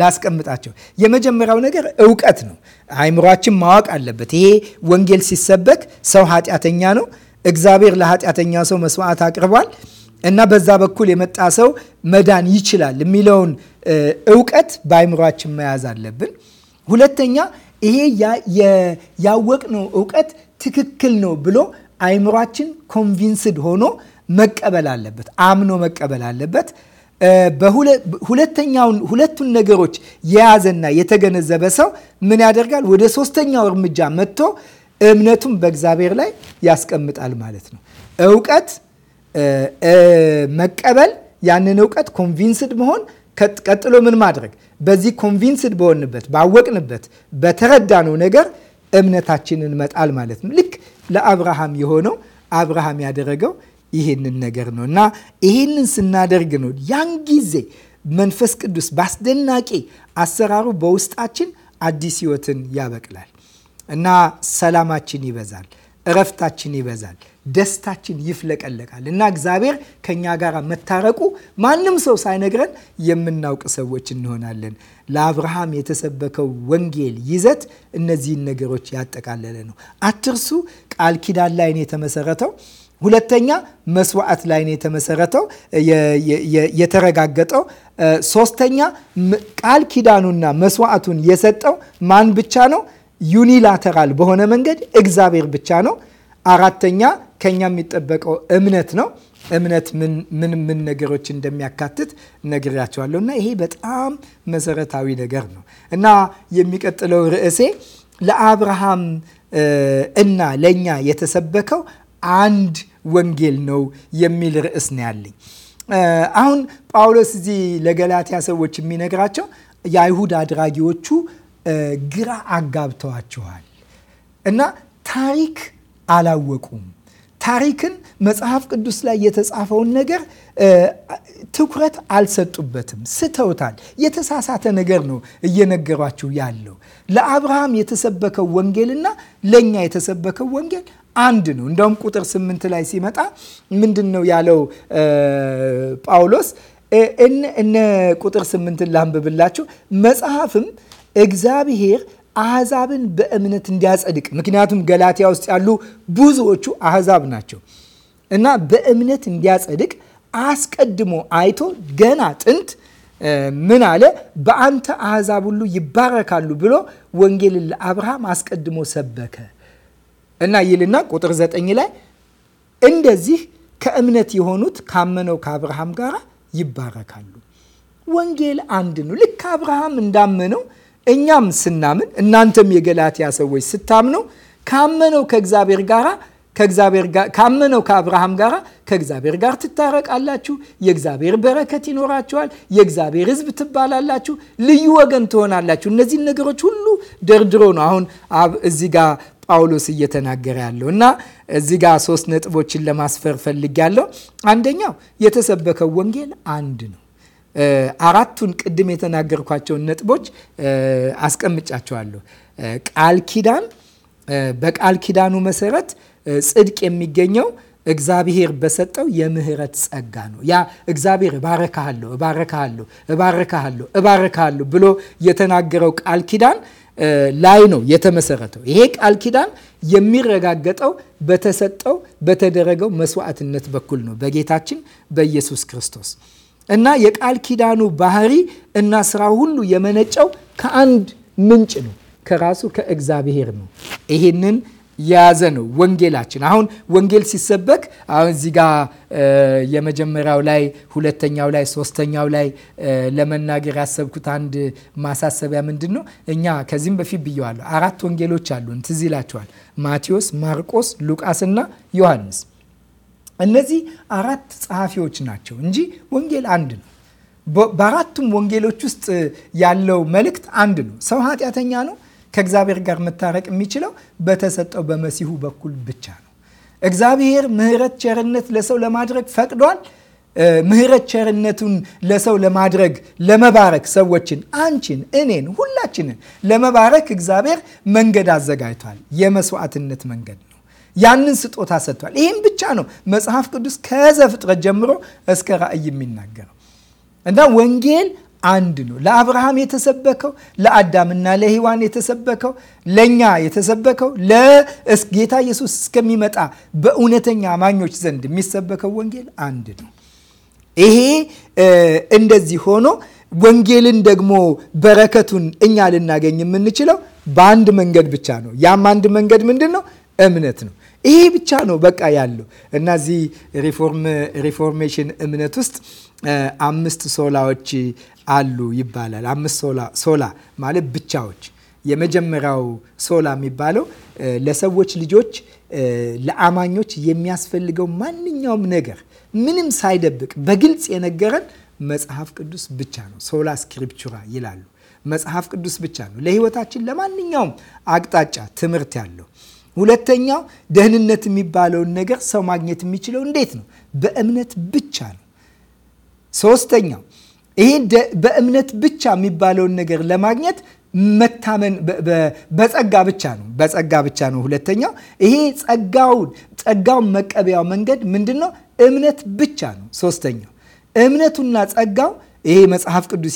ላስቀምጣቸው። የመጀመሪያው ነገር እውቀት ነው። አእምሯችን ማወቅ አለበት። ይሄ ወንጌል ሲሰበክ ሰው ኃጢአተኛ ነው፣ እግዚአብሔር ለኃጢአተኛ ሰው መስዋዕት አቅርቧል። እና በዛ በኩል የመጣ ሰው መዳን ይችላል የሚለውን እውቀት በአይምሯችን መያዝ አለብን። ሁለተኛ ይሄ ያወቅነው እውቀት ትክክል ነው ብሎ አይምሯችን ኮንቪንስድ ሆኖ መቀበል አለበት፣ አምኖ መቀበል አለበት። ሁለተኛውን ሁለቱን ነገሮች የያዘና የተገነዘበ ሰው ምን ያደርጋል? ወደ ሶስተኛው እርምጃ መጥቶ እምነቱን በእግዚአብሔር ላይ ያስቀምጣል ማለት ነው። እውቀት መቀበል፣ ያንን እውቀት ኮንቪንስድ መሆን፣ ቀጥሎ ምን ማድረግ፣ በዚህ ኮንቪንስድ በሆንበት ባወቅንበት በተረዳነው ነገር እምነታችንን መጣል ማለት ነው። ልክ ለአብርሃም የሆነው አብርሃም ያደረገው ይህንን ነገር ነው እና ይህንን ስናደርግ ነው ያን ጊዜ መንፈስ ቅዱስ በአስደናቂ አሰራሩ በውስጣችን አዲስ ህይወትን ያበቅላል እና ሰላማችን ይበዛል፣ እረፍታችን ይበዛል። ደስታችን ይፍለቀለቃል እና እግዚአብሔር ከኛ ጋር መታረቁ ማንም ሰው ሳይነግረን የምናውቅ ሰዎች እንሆናለን። ለአብርሃም የተሰበከው ወንጌል ይዘት እነዚህን ነገሮች ያጠቃለለ ነው። አትርሱ። ቃል ኪዳን ላይ ነው የተመሰረተው። ሁለተኛ መስዋዕት ላይ ነው የተመሰረተው የተረጋገጠው። ሶስተኛ ቃል ኪዳኑና መስዋዕቱን የሰጠው ማን ብቻ ነው? ዩኒላተራል በሆነ መንገድ እግዚአብሔር ብቻ ነው። አራተኛ ከኛ የሚጠበቀው እምነት ነው። እምነት ምን ምን ነገሮች እንደሚያካትት ነግሬያቸዋለሁ እና ይሄ በጣም መሰረታዊ ነገር ነው እና የሚቀጥለው ርዕሴ ለአብርሃም እና ለእኛ የተሰበከው አንድ ወንጌል ነው የሚል ርዕስ ነው ያለኝ። አሁን ጳውሎስ እዚህ ለገላትያ ሰዎች የሚነግራቸው የአይሁድ አድራጊዎቹ ግራ አጋብተዋቸዋል እና ታሪክ አላወቁም ታሪክን መጽሐፍ ቅዱስ ላይ የተጻፈውን ነገር ትኩረት አልሰጡበትም፣ ስተውታል። የተሳሳተ ነገር ነው እየነገሯችሁ ያለው። ለአብርሃም የተሰበከው ወንጌልና ለእኛ የተሰበከው ወንጌል አንድ ነው። እንዳውም ቁጥር ስምንት ላይ ሲመጣ ምንድን ነው ያለው ጳውሎስ? እነ ቁጥር ስምንትን ላንብብላችሁ። መጽሐፍም እግዚአብሔር አሕዛብን በእምነት እንዲያጸድቅ ምክንያቱም ገላትያ ውስጥ ያሉ ብዙዎቹ አሕዛብ ናቸው እና በእምነት እንዲያጸድቅ አስቀድሞ አይቶ ገና ጥንት ምን አለ? በአንተ አሕዛብ ሁሉ ይባረካሉ ብሎ ወንጌልን ለአብርሃም አስቀድሞ ሰበከ እና ይልና ቁጥር ዘጠኝ ላይ እንደዚህ ከእምነት የሆኑት ካመነው ከአብርሃም ጋር ይባረካሉ። ወንጌል አንድ ነው። ልክ አብርሃም እንዳመነው እኛም ስናምን እናንተም የገላትያ ሰዎች ስታምኑ ካመነው ከእግዚአብሔር ጋር ከእግዚአብሔር ጋር ካመነው ከአብርሃም ጋር ከእግዚአብሔር ጋር ትታረቃላችሁ፣ የእግዚአብሔር በረከት ይኖራችኋል፣ የእግዚአብሔር ሕዝብ ትባላላችሁ፣ ልዩ ወገን ትሆናላችሁ። እነዚህን ነገሮች ሁሉ ደርድሮ ነው አሁን እዚህ ጋር ጳውሎስ እየተናገረ ያለው እና እዚህ ጋር ሶስት ነጥቦችን ለማስፈር ፈልግ ያለው አንደኛው የተሰበከው ወንጌል አንድ ነው። አራቱን ቅድም የተናገርኳቸውን ነጥቦች አስቀምጫቸዋለሁ። ቃል ኪዳን፣ በቃል ኪዳኑ መሰረት ጽድቅ የሚገኘው እግዚአብሔር በሰጠው የምህረት ጸጋ ነው። ያ እግዚአብሔር እባረካሃለሁ፣ እባረካሃለሁ፣ እባረካሃለሁ፣ እባረካሃለሁ ብሎ የተናገረው ቃል ኪዳን ላይ ነው የተመሰረተው። ይሄ ቃል ኪዳን የሚረጋገጠው በተሰጠው በተደረገው መስዋዕትነት በኩል ነው በጌታችን በኢየሱስ ክርስቶስ እና የቃል ኪዳኑ ባህሪ እና ስራ ሁሉ የመነጨው ከአንድ ምንጭ ነው፣ ከራሱ ከእግዚአብሔር ነው። ይሄንን የያዘ ነው ወንጌላችን። አሁን ወንጌል ሲሰበክ አሁን እዚህ ጋ የመጀመሪያው ላይ ሁለተኛው ላይ ሶስተኛው ላይ ለመናገር ያሰብኩት አንድ ማሳሰቢያ ምንድን ነው? እኛ ከዚህም በፊት ብየዋለሁ፣ አራት ወንጌሎች አሉን። ትዝ ማቴዎስ፣ ማርቆስ፣ ሉቃስና ዮሐንስ እነዚህ አራት ጸሐፊዎች ናቸው እንጂ ወንጌል አንድ ነው። በአራቱም ወንጌሎች ውስጥ ያለው መልእክት አንድ ነው። ሰው ኃጢአተኛ ነው። ከእግዚአብሔር ጋር መታረቅ የሚችለው በተሰጠው በመሲሁ በኩል ብቻ ነው። እግዚአብሔር ምሕረት፣ ቸርነት ለሰው ለማድረግ ፈቅዷል። ምሕረት ቸርነቱን ለሰው ለማድረግ ለመባረክ ሰዎችን፣ አንቺን፣ እኔን፣ ሁላችንን ለመባረክ እግዚአብሔር መንገድ አዘጋጅቷል። የመስዋዕትነት መንገድ ነው። ያንን ስጦታ ሰጥቷል። ይህም ብቻ ነው መጽሐፍ ቅዱስ ከዘፍጥረት ጀምሮ እስከ ራእይ የሚናገረው እና ወንጌል አንድ ነው። ለአብርሃም የተሰበከው፣ ለአዳምና ለሔዋን የተሰበከው፣ ለእኛ የተሰበከው፣ ለጌታ ኢየሱስ እስከሚመጣ በእውነተኛ አማኞች ዘንድ የሚሰበከው ወንጌል አንድ ነው። ይሄ እንደዚህ ሆኖ ወንጌልን ደግሞ በረከቱን እኛ ልናገኝ የምንችለው በአንድ መንገድ ብቻ ነው። ያም አንድ መንገድ ምንድን ነው? እምነት ነው። ይሄ ብቻ ነው በቃ ያለው እና እዚህ ሪፎርሜሽን እምነት ውስጥ አምስት ሶላዎች አሉ ይባላል። አምስት ሶላ ማለት ብቻዎች። የመጀመሪያው ሶላ የሚባለው ለሰዎች ልጆች ለአማኞች የሚያስፈልገው ማንኛውም ነገር ምንም ሳይደብቅ በግልጽ የነገረን መጽሐፍ ቅዱስ ብቻ ነው። ሶላ ስክሪፕቹራ ይላሉ። መጽሐፍ ቅዱስ ብቻ ነው ለሕይወታችን ለማንኛውም አቅጣጫ ትምህርት ያለው ሁለተኛው ደህንነት የሚባለውን ነገር ሰው ማግኘት የሚችለው እንዴት ነው? በእምነት ብቻ ነው። ሶስተኛው ይሄ በእምነት ብቻ የሚባለውን ነገር ለማግኘት መታመን በጸጋ ብቻ ነው። በጸጋ ብቻ ነው። ሁለተኛው ይሄ ጸጋው ጸጋውን መቀበያው መንገድ ምንድን ነው? እምነት ብቻ ነው። ሶስተኛው እምነቱና ጸጋው ይሄ መጽሐፍ ቅዱስ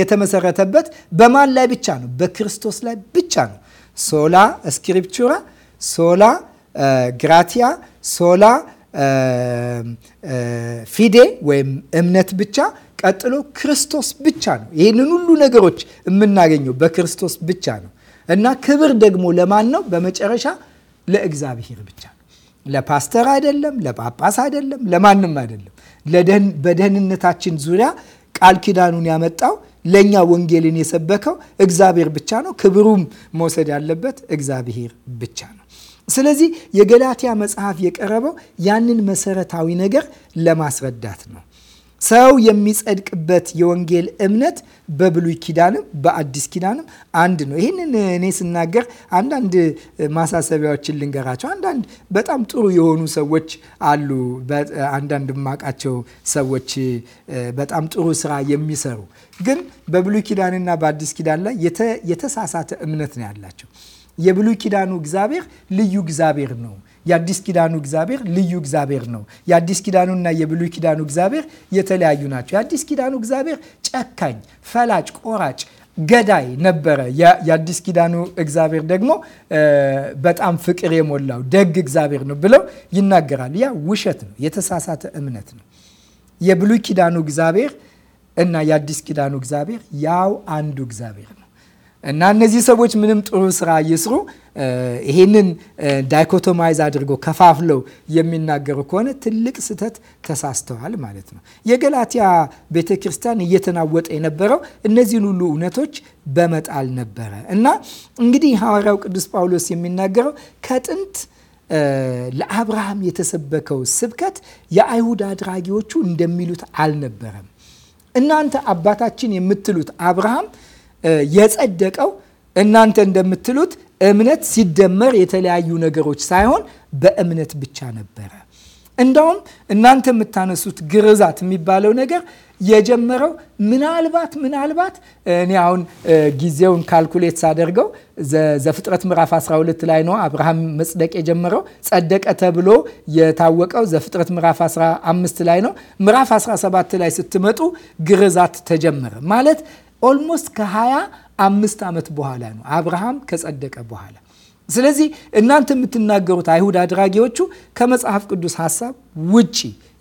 የተመሰረተበት በማን ላይ ብቻ ነው? በክርስቶስ ላይ ብቻ ነው። ሶላ ስክሪፕቹራ፣ ሶላ ግራቲያ፣ ሶላ ፊዴ ወይም እምነት ብቻ ቀጥሎ ክርስቶስ ብቻ ነው። ይህንን ሁሉ ነገሮች የምናገኘው በክርስቶስ ብቻ ነው እና ክብር ደግሞ ለማን ነው? በመጨረሻ ለእግዚአብሔር ብቻ ነው። ለፓስተር አይደለም፣ ለጳጳስ አይደለም፣ ለማንም አይደለም። በደህንነታችን ዙሪያ ቃል ኪዳኑን ያመጣው ለእኛ ወንጌልን የሰበከው እግዚአብሔር ብቻ ነው። ክብሩም መውሰድ ያለበት እግዚአብሔር ብቻ ነው። ስለዚህ የገላትያ መጽሐፍ የቀረበው ያንን መሰረታዊ ነገር ለማስረዳት ነው። ሰው የሚጸድቅበት የወንጌል እምነት በብሉይ ኪዳንም በአዲስ ኪዳንም አንድ ነው። ይህንን እኔ ስናገር አንዳንድ ማሳሰቢያዎችን ልንገራቸው። አንዳንድ በጣም ጥሩ የሆኑ ሰዎች አሉ። አንዳንድ ማቃቸው ሰዎች በጣም ጥሩ ስራ የሚሰሩ ግን በብሉይ ኪዳንና በአዲስ ኪዳን ላይ የተሳሳተ እምነት ነው ያላቸው። የብሉይ ኪዳኑ እግዚአብሔር ልዩ እግዚአብሔር ነው የአዲስ ኪዳኑ እግዚአብሔር ልዩ እግዚአብሔር ነው። የአዲስ ኪዳኑና የብሉይ ኪዳኑ እግዚአብሔር የተለያዩ ናቸው። የአዲስ ኪዳኑ እግዚአብሔር ጨካኝ፣ ፈላጭ፣ ቆራጭ ገዳይ ነበረ። የአዲስ ኪዳኑ እግዚአብሔር ደግሞ በጣም ፍቅር የሞላው ደግ እግዚአብሔር ነው ብለው ይናገራሉ። ያ ውሸት ነው፣ የተሳሳተ እምነት ነው። የብሉይ ኪዳኑ እግዚአብሔር እና የአዲስ ኪዳኑ እግዚአብሔር ያው አንዱ እግዚአብሔር ነው። እና እነዚህ ሰዎች ምንም ጥሩ ስራ እየስሩ ይሄንን ዳይኮቶማይዝ አድርገው ከፋፍለው የሚናገሩ ከሆነ ትልቅ ስህተት ተሳስተዋል ማለት ነው። የገላትያ ቤተ ክርስቲያን እየተናወጠ የነበረው እነዚህን ሁሉ እውነቶች በመጣል ነበረ እና እንግዲህ ሐዋርያው ቅዱስ ጳውሎስ የሚናገረው ከጥንት ለአብርሃም የተሰበከው ስብከት የአይሁድ አድራጊዎቹ እንደሚሉት አልነበረም። እናንተ አባታችን የምትሉት አብርሃም የጸደቀው እናንተ እንደምትሉት እምነት ሲደመር የተለያዩ ነገሮች ሳይሆን በእምነት ብቻ ነበረ። እንዳውም እናንተ የምታነሱት ግርዛት የሚባለው ነገር የጀመረው ምናልባት ምናልባት እኔ አሁን ጊዜውን ካልኩሌት ሳደርገው ዘፍጥረት ምዕራፍ 12 ላይ ነው አብርሃም መጽደቅ የጀመረው። ጸደቀ ተብሎ የታወቀው ዘፍጥረት ምዕራፍ 15 ላይ ነው። ምዕራፍ 17 ላይ ስትመጡ ግርዛት ተጀመረ ማለት ኦልሞስት ከሀያ አምስት ዓመት በኋላ ነው አብርሃም ከጸደቀ በኋላ። ስለዚህ እናንተ የምትናገሩት አይሁድ አድራጊዎቹ ከመጽሐፍ ቅዱስ ሀሳብ ውጪ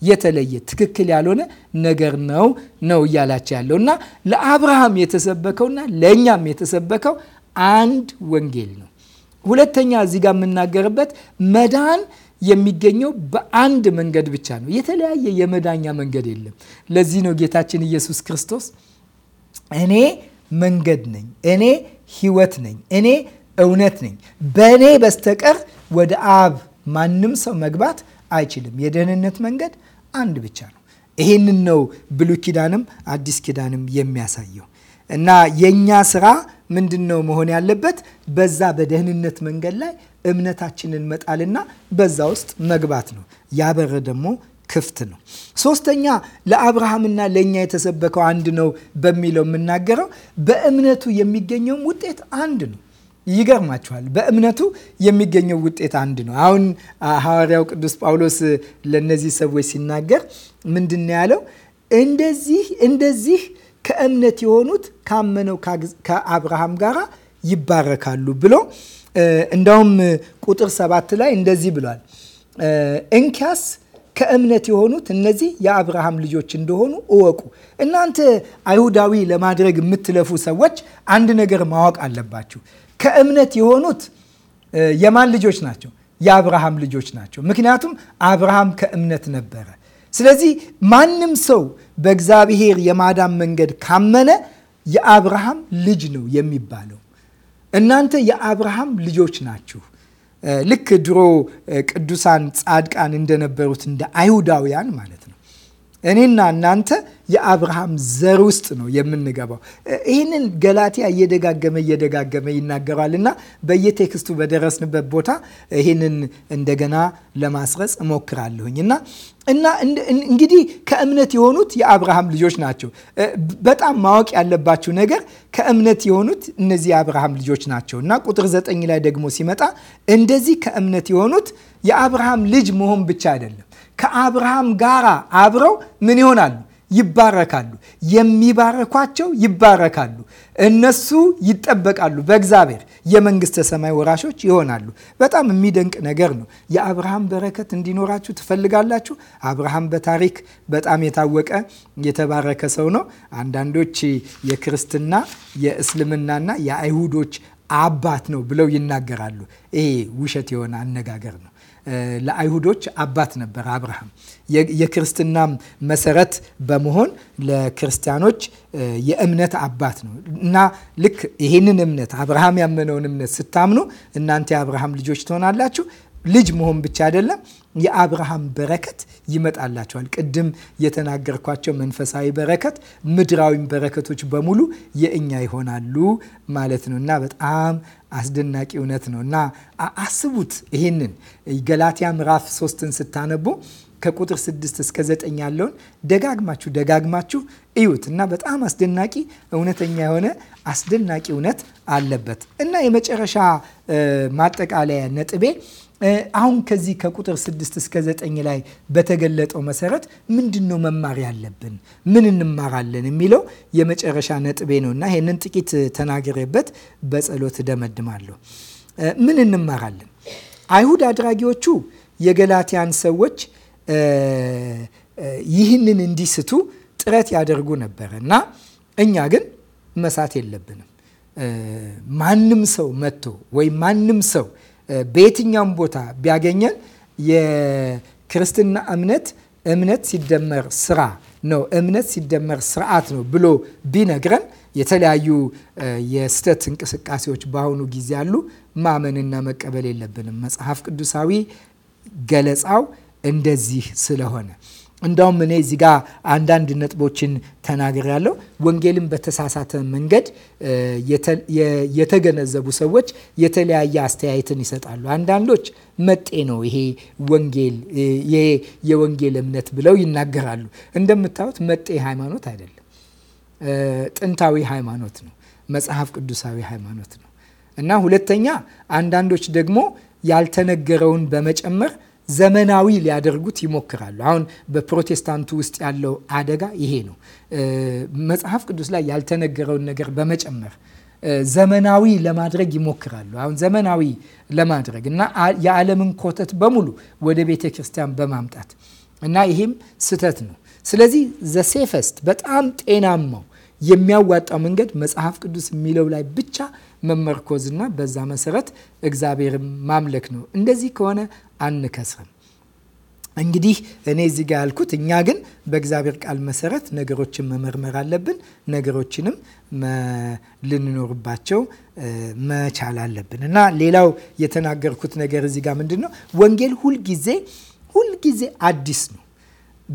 የተለየ ትክክል ያልሆነ ነገር ነው ነው እያላቸው ያለው እና ለአብርሃም የተሰበከውና ለእኛም የተሰበከው አንድ ወንጌል ነው። ሁለተኛ እዚህ ጋር የምናገርበት መዳን የሚገኘው በአንድ መንገድ ብቻ ነው። የተለያየ የመዳኛ መንገድ የለም። ለዚህ ነው ጌታችን ኢየሱስ ክርስቶስ እኔ መንገድ ነኝ፣ እኔ ህይወት ነኝ፣ እኔ እውነት ነኝ። በእኔ በስተቀር ወደ አብ ማንም ሰው መግባት አይችልም። የደህንነት መንገድ አንድ ብቻ ነው። ይሄንን ነው ብሉይ ኪዳንም አዲስ ኪዳንም የሚያሳየው እና የእኛ ስራ ምንድን ነው መሆን ያለበት? በዛ በደህንነት መንገድ ላይ እምነታችንን መጣልና በዛ ውስጥ መግባት ነው። ያበረ ደግሞ ክፍት ነው። ሶስተኛ ለአብርሃምና ለእኛ የተሰበከው አንድ ነው በሚለው የምናገረው በእምነቱ የሚገኘውም ውጤት አንድ ነው። ይገርማችኋል። በእምነቱ የሚገኘው ውጤት አንድ ነው። አሁን ሐዋርያው ቅዱስ ጳውሎስ ለእነዚህ ሰዎች ሲናገር ምንድን ነው ያለው? እንደዚህ እንደዚህ ከእምነት የሆኑት ካመነው ከአብርሃም ጋር ይባረካሉ ብሎ እንዳውም ቁጥር ሰባት ላይ እንደዚህ ብሏል እንኪያስ ከእምነት የሆኑት እነዚህ የአብርሃም ልጆች እንደሆኑ እወቁ። እናንተ አይሁዳዊ ለማድረግ የምትለፉ ሰዎች አንድ ነገር ማወቅ አለባችሁ። ከእምነት የሆኑት የማን ልጆች ናቸው? የአብርሃም ልጆች ናቸው። ምክንያቱም አብርሃም ከእምነት ነበረ። ስለዚህ ማንም ሰው በእግዚአብሔር የማዳን መንገድ ካመነ የአብርሃም ልጅ ነው የሚባለው። እናንተ የአብርሃም ልጆች ናችሁ። ልክ ድሮ ቅዱሳን ጻድቃን እንደነበሩት እንደ አይሁዳውያን ማለት ነው እኔና እናንተ የአብርሃም ዘር ውስጥ ነው የምንገባው። ይህንን ገላትያ እየደጋገመ እየደጋገመ ይናገራል እና በየቴክስቱ በደረስንበት ቦታ ይህንን እንደገና ለማስረጽ እሞክራለሁኝ እና እና እንግዲህ ከእምነት የሆኑት የአብርሃም ልጆች ናቸው። በጣም ማወቅ ያለባችሁ ነገር ከእምነት የሆኑት እነዚህ የአብርሃም ልጆች ናቸው እና ቁጥር ዘጠኝ ላይ ደግሞ ሲመጣ እንደዚህ ከእምነት የሆኑት የአብርሃም ልጅ መሆን ብቻ አይደለም ከአብርሃም ጋር አብረው ምን ይሆናሉ? ይባረካሉ። የሚባረኳቸው ይባረካሉ። እነሱ ይጠበቃሉ፣ በእግዚአብሔር የመንግስተ ሰማይ ወራሾች ይሆናሉ። በጣም የሚደንቅ ነገር ነው። የአብርሃም በረከት እንዲኖራችሁ ትፈልጋላችሁ? አብርሃም በታሪክ በጣም የታወቀ የተባረከ ሰው ነው። አንዳንዶች የክርስትና የእስልምናና የአይሁዶች አባት ነው ብለው ይናገራሉ። ይሄ ውሸት የሆነ አነጋገር ነው። ለአይሁዶች አባት ነበር አብርሃም። የክርስትናም መሰረት በመሆን ለክርስቲያኖች የእምነት አባት ነው እና ልክ ይህንን እምነት አብርሃም ያመነውን እምነት ስታምኑ እናንተ የአብርሃም ልጆች ትሆናላችሁ። ልጅ መሆን ብቻ አይደለም፣ የአብርሃም በረከት ይመጣላቸዋል። ቅድም የተናገርኳቸው መንፈሳዊ በረከት፣ ምድራዊ በረከቶች በሙሉ የእኛ ይሆናሉ ማለት ነው እና በጣም አስደናቂ እውነት ነው እና አስቡት። ይህንን ገላትያ ምዕራፍ ሶስትን ስታነቡ ከቁጥር ስድስት እስከ ዘጠኝ ያለውን ደጋግማችሁ ደጋግማችሁ እዩት እና በጣም አስደናቂ እውነተኛ የሆነ አስደናቂ እውነት አለበት እና የመጨረሻ ማጠቃለያ ነጥቤ አሁን ከዚህ ከቁጥር 6 እስከ 9 ላይ በተገለጠው መሰረት ምንድን ነው መማር ያለብን? ምን እንማራለን የሚለው የመጨረሻ ነጥቤ ነው እና ይህንን ጥቂት ተናግሬበት በጸሎት ደመድማለሁ ምን እንማራለን? አይሁድ አድራጊዎቹ የገላትያን ሰዎች ይህንን እንዲስቱ ጥረት ያደርጉ ነበረ እና እኛ ግን መሳት የለብንም። ማንም ሰው መጥቶ ወይም ማንም ሰው በየትኛውም ቦታ ቢያገኘን የክርስትና እምነት እምነት ሲደመር ስራ ነው፣ እምነት ሲደመር ስርዓት ነው ብሎ ቢነግረን የተለያዩ የስተት እንቅስቃሴዎች በአሁኑ ጊዜ አሉ። ማመንና መቀበል የለብንም። መጽሐፍ ቅዱሳዊ ገለጻው እንደዚህ ስለሆነ እንዳውም እኔ እዚህ ጋር አንዳንድ ነጥቦችን ተናግር ያለው ወንጌልን በተሳሳተ መንገድ የተገነዘቡ ሰዎች የተለያየ አስተያየትን ይሰጣሉ። አንዳንዶች መጤ ነው ይሄ ወንጌል ይሄ የወንጌል እምነት ብለው ይናገራሉ። እንደምታዩት መጤ ሃይማኖት አይደለም፣ ጥንታዊ ሃይማኖት ነው፣ መጽሐፍ ቅዱሳዊ ሃይማኖት ነው እና ሁለተኛ አንዳንዶች ደግሞ ያልተነገረውን በመጨመር ዘመናዊ ሊያደርጉት ይሞክራሉ። አሁን በፕሮቴስታንቱ ውስጥ ያለው አደጋ ይሄ ነው። መጽሐፍ ቅዱስ ላይ ያልተነገረውን ነገር በመጨመር ዘመናዊ ለማድረግ ይሞክራሉ። አሁን ዘመናዊ ለማድረግ እና የዓለምን ኮተት በሙሉ ወደ ቤተ ክርስቲያን በማምጣት እና ይሄም ስህተት ነው። ስለዚህ ዘሴፈስት በጣም ጤናማው የሚያዋጣው መንገድ መጽሐፍ ቅዱስ የሚለው ላይ ብቻ መመርኮዝ እና በዛ መሰረት እግዚአብሔርን ማምለክ ነው። እንደዚህ ከሆነ አንከስርም። እንግዲህ እኔ እዚህ ጋር ያልኩት እኛ ግን በእግዚአብሔር ቃል መሰረት ነገሮችን መመርመር አለብን። ነገሮችንም ልንኖርባቸው መቻል አለብን እና ሌላው የተናገርኩት ነገር እዚህ ጋር ምንድን ነው? ወንጌል ሁልጊዜ ሁልጊዜ አዲስ ነው።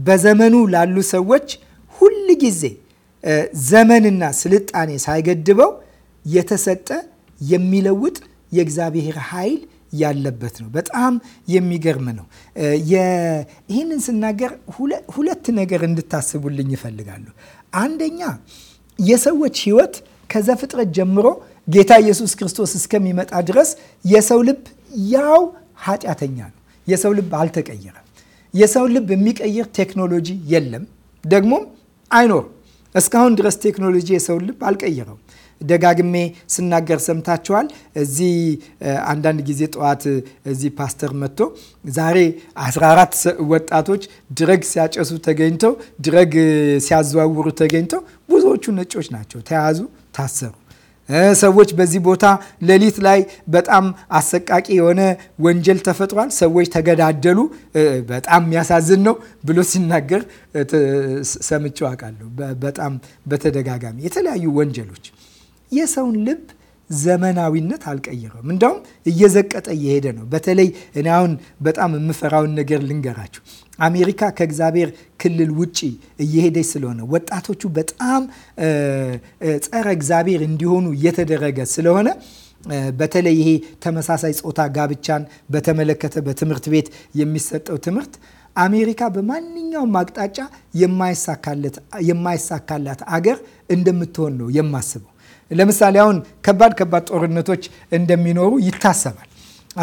በዘመኑ ላሉ ሰዎች ሁልጊዜ ዘመንና ስልጣኔ ሳይገድበው የተሰጠ የሚለውጥ የእግዚአብሔር ኃይል ያለበት ነው። በጣም የሚገርም ነው። ይህንን ስናገር ሁለት ነገር እንድታስቡልኝ ይፈልጋሉ አንደኛ የሰዎች ሕይወት ከዘፍጥረት ጀምሮ ጌታ ኢየሱስ ክርስቶስ እስከሚመጣ ድረስ የሰው ልብ ያው ኃጢአተኛ ነው። የሰው ልብ አልተቀየረም። የሰው ልብ የሚቀይር ቴክኖሎጂ የለም፣ ደግሞም አይኖርም። እስካሁን ድረስ ቴክኖሎጂ የሰው ልብ አልቀየረውም። ደጋግሜ ስናገር ሰምታችኋል። እዚህ አንዳንድ ጊዜ ጠዋት እዚህ ፓስተር መጥቶ ዛሬ 14 ወጣቶች ድረግ ሲያጨሱ ተገኝተው ድረግ ሲያዘዋውሩ ተገኝተው ብዙዎቹ ነጮች ናቸው፣ ተያዙ፣ ታሰሩ። ሰዎች በዚህ ቦታ ሌሊት ላይ በጣም አሰቃቂ የሆነ ወንጀል ተፈጥሯል። ሰዎች ተገዳደሉ። በጣም የሚያሳዝን ነው ብሎ ሲናገር ሰምቸው አውቃለሁ። በጣም በተደጋጋሚ የተለያዩ ወንጀሎች የሰውን ልብ ዘመናዊነት አልቀየረውም። እንደውም እየዘቀጠ እየሄደ ነው። በተለይ እኔ አሁን በጣም የምፈራውን ነገር ልንገራችሁ። አሜሪካ ከእግዚአብሔር ክልል ውጪ እየሄደች ስለሆነ ወጣቶቹ በጣም ጸረ እግዚአብሔር እንዲሆኑ እየተደረገ ስለሆነ በተለይ ይሄ ተመሳሳይ ጾታ ጋብቻን በተመለከተ በትምህርት ቤት የሚሰጠው ትምህርት አሜሪካ በማንኛውም አቅጣጫ የማይሳካላት አገር እንደምትሆን ነው የማስበው። ለምሳሌ አሁን ከባድ ከባድ ጦርነቶች እንደሚኖሩ ይታሰባል።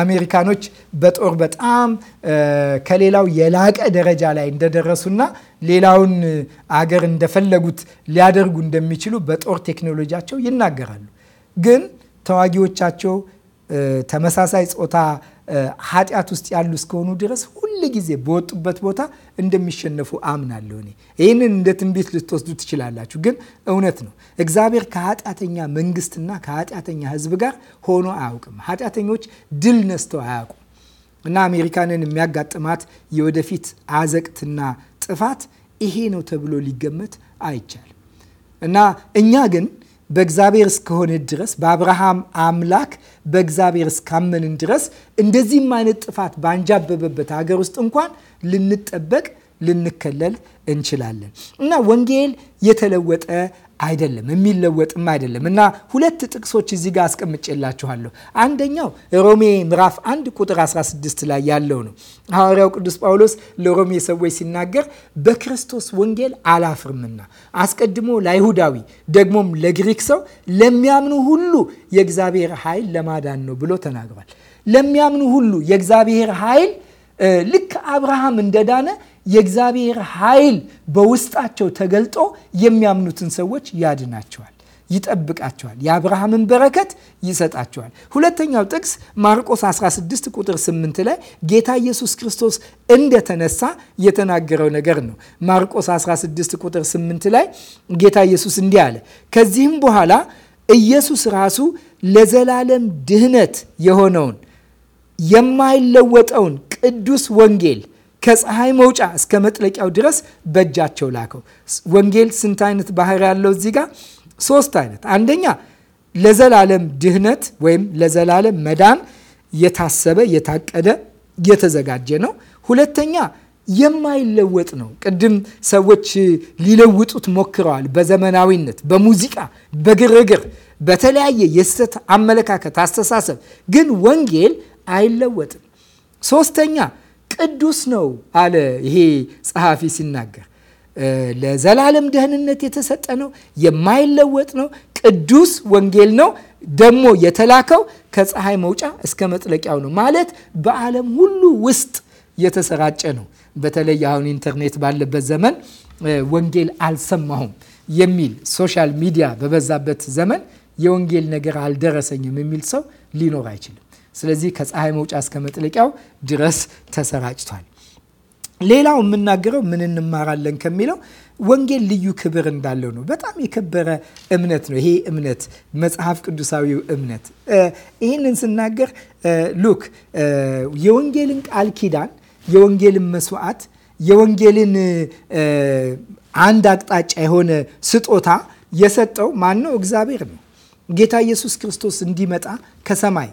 አሜሪካኖች በጦር በጣም ከሌላው የላቀ ደረጃ ላይ እንደደረሱና ሌላውን አገር እንደፈለጉት ሊያደርጉ እንደሚችሉ በጦር ቴክኖሎጂያቸው ይናገራሉ። ግን ተዋጊዎቻቸው ተመሳሳይ ጾታ ኃጢአት ውስጥ ያሉ እስከሆኑ ድረስ ሁል ጊዜ በወጡበት ቦታ እንደሚሸነፉ አምናለሁ። እኔ ይህንን እንደ ትንቢት ልትወስዱ ትችላላችሁ፣ ግን እውነት ነው። እግዚአብሔር ከኃጢአተኛ መንግስትና ከኃጢአተኛ ህዝብ ጋር ሆኖ አያውቅም። ኃጢአተኞች ድል ነስተው አያውቁም እና አሜሪካንን የሚያጋጥማት የወደፊት አዘቅትና ጥፋት ይሄ ነው ተብሎ ሊገመት አይቻልም እና እኛ ግን በእግዚአብሔር እስከሆነ ድረስ በአብርሃም አምላክ በእግዚአብሔር እስካመንን ድረስ እንደዚህም አይነት ጥፋት ባንጃበበበት ሀገር ውስጥ እንኳን ልንጠበቅ ልንከለል እንችላለን እና ወንጌል የተለወጠ አይደለም፣ የሚለወጥም አይደለም እና ሁለት ጥቅሶች እዚህ ጋር አስቀምጬላችኋለሁ። አንደኛው ሮሜ ምዕራፍ 1 ቁጥር 16 ላይ ያለው ነው። ሐዋርያው ቅዱስ ጳውሎስ ለሮሜ ሰዎች ሲናገር በክርስቶስ ወንጌል አላፍርምና አስቀድሞ ለአይሁዳዊ ደግሞም ለግሪክ ሰው ለሚያምኑ ሁሉ የእግዚአብሔር ኃይል ለማዳን ነው ብሎ ተናግሯል። ለሚያምኑ ሁሉ የእግዚአብሔር ኃይል ልክ አብርሃም እንደዳነ የእግዚአብሔር ኃይል በውስጣቸው ተገልጦ የሚያምኑትን ሰዎች ያድናቸዋል፣ ይጠብቃቸዋል፣ የአብርሃምን በረከት ይሰጣቸዋል። ሁለተኛው ጥቅስ ማርቆስ 16 ቁጥር 8 ላይ ጌታ ኢየሱስ ክርስቶስ እንደተነሳ የተናገረው ነገር ነው። ማርቆስ 16 ቁጥር 8 ላይ ጌታ ኢየሱስ እንዲህ አለ፣ ከዚህም በኋላ ኢየሱስ ራሱ ለዘላለም ድህነት የሆነውን የማይለወጠውን ቅዱስ ወንጌል ከፀሐይ መውጫ እስከ መጥለቂያው ድረስ በእጃቸው ላከው። ወንጌል ስንት አይነት ባህር ያለው እዚህ ጋር? ሶስት አይነት። አንደኛ ለዘላለም ድህነት ወይም ለዘላለም መዳን የታሰበ የታቀደ የተዘጋጀ ነው። ሁለተኛ የማይለወጥ ነው። ቅድም ሰዎች ሊለውጡት ሞክረዋል። በዘመናዊነት፣ በሙዚቃ፣ በግርግር፣ በተለያየ የስህተት አመለካከት፣ አስተሳሰብ ግን ወንጌል አይለወጥም። ሶስተኛ ቅዱስ ነው አለ። ይሄ ጸሐፊ ሲናገር ለዘላለም ደህንነት የተሰጠ ነው፣ የማይለወጥ ነው፣ ቅዱስ ወንጌል ነው። ደግሞ የተላከው ከፀሐይ መውጫ እስከ መጥለቂያው ነው ማለት በዓለም ሁሉ ውስጥ የተሰራጨ ነው። በተለይ አሁን ኢንተርኔት ባለበት ዘመን ወንጌል አልሰማሁም የሚል ሶሻል ሚዲያ በበዛበት ዘመን የወንጌል ነገር አልደረሰኝም የሚል ሰው ሊኖር አይችልም። ስለዚህ ከፀሐይ መውጫ እስከ መጥለቂያው ድረስ ተሰራጭቷል። ሌላው የምናገረው ምን እንማራለን ከሚለው ወንጌል ልዩ ክብር እንዳለው ነው። በጣም የከበረ እምነት ነው ይሄ እምነት፣ መጽሐፍ ቅዱሳዊው እምነት። ይህንን ስናገር ሉክ የወንጌልን ቃል ኪዳን፣ የወንጌልን መስዋዕት፣ የወንጌልን አንድ አቅጣጫ የሆነ ስጦታ የሰጠው ማን ነው? እግዚአብሔር ነው። ጌታ ኢየሱስ ክርስቶስ እንዲመጣ ከሰማይ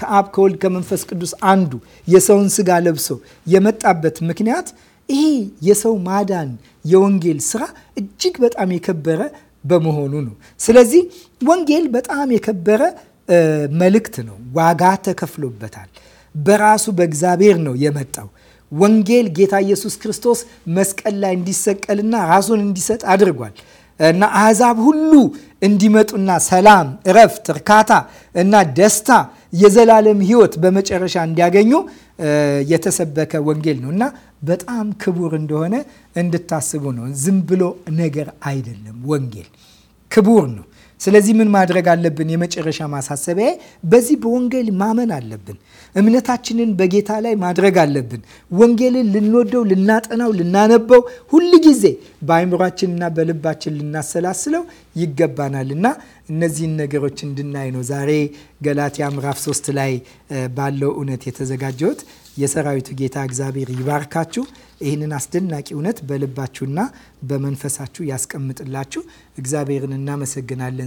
ከአብ ከወልድ ከመንፈስ ቅዱስ አንዱ የሰውን ስጋ ለብሶ የመጣበት ምክንያት ይሄ የሰው ማዳን የወንጌል ስራ እጅግ በጣም የከበረ በመሆኑ ነው። ስለዚህ ወንጌል በጣም የከበረ መልእክት ነው። ዋጋ ተከፍሎበታል። በራሱ በእግዚአብሔር ነው የመጣው። ወንጌል ጌታ ኢየሱስ ክርስቶስ መስቀል ላይ እንዲሰቀልና ራሱን እንዲሰጥ አድርጓል እና አሕዛብ ሁሉ እንዲመጡና ሰላም፣ እረፍት፣ እርካታ እና ደስታ የዘላለም ህይወት በመጨረሻ እንዲያገኙ የተሰበከ ወንጌል ነው እና በጣም ክቡር እንደሆነ እንድታስቡ ነው። ዝም ብሎ ነገር አይደለም። ወንጌል ክቡር ነው። ስለዚህ ምን ማድረግ አለብን? የመጨረሻ ማሳሰቢያ በዚህ በወንጌል ማመን አለብን። እምነታችንን በጌታ ላይ ማድረግ አለብን። ወንጌልን ልንወደው፣ ልናጠናው፣ ልናነበው ሁል ጊዜ በአይምሯችንና በልባችን ልናሰላስለው ይገባናል እና እነዚህን ነገሮች እንድናይ ነው ዛሬ ገላትያ ምዕራፍ ሶስት ላይ ባለው እውነት የተዘጋጀሁት። የሰራዊቱ ጌታ እግዚአብሔር ይባርካችሁ። ይህንን አስደናቂ እውነት በልባችሁና በመንፈሳችሁ ያስቀምጥላችሁ። እግዚአብሔርን እናመሰግናለን።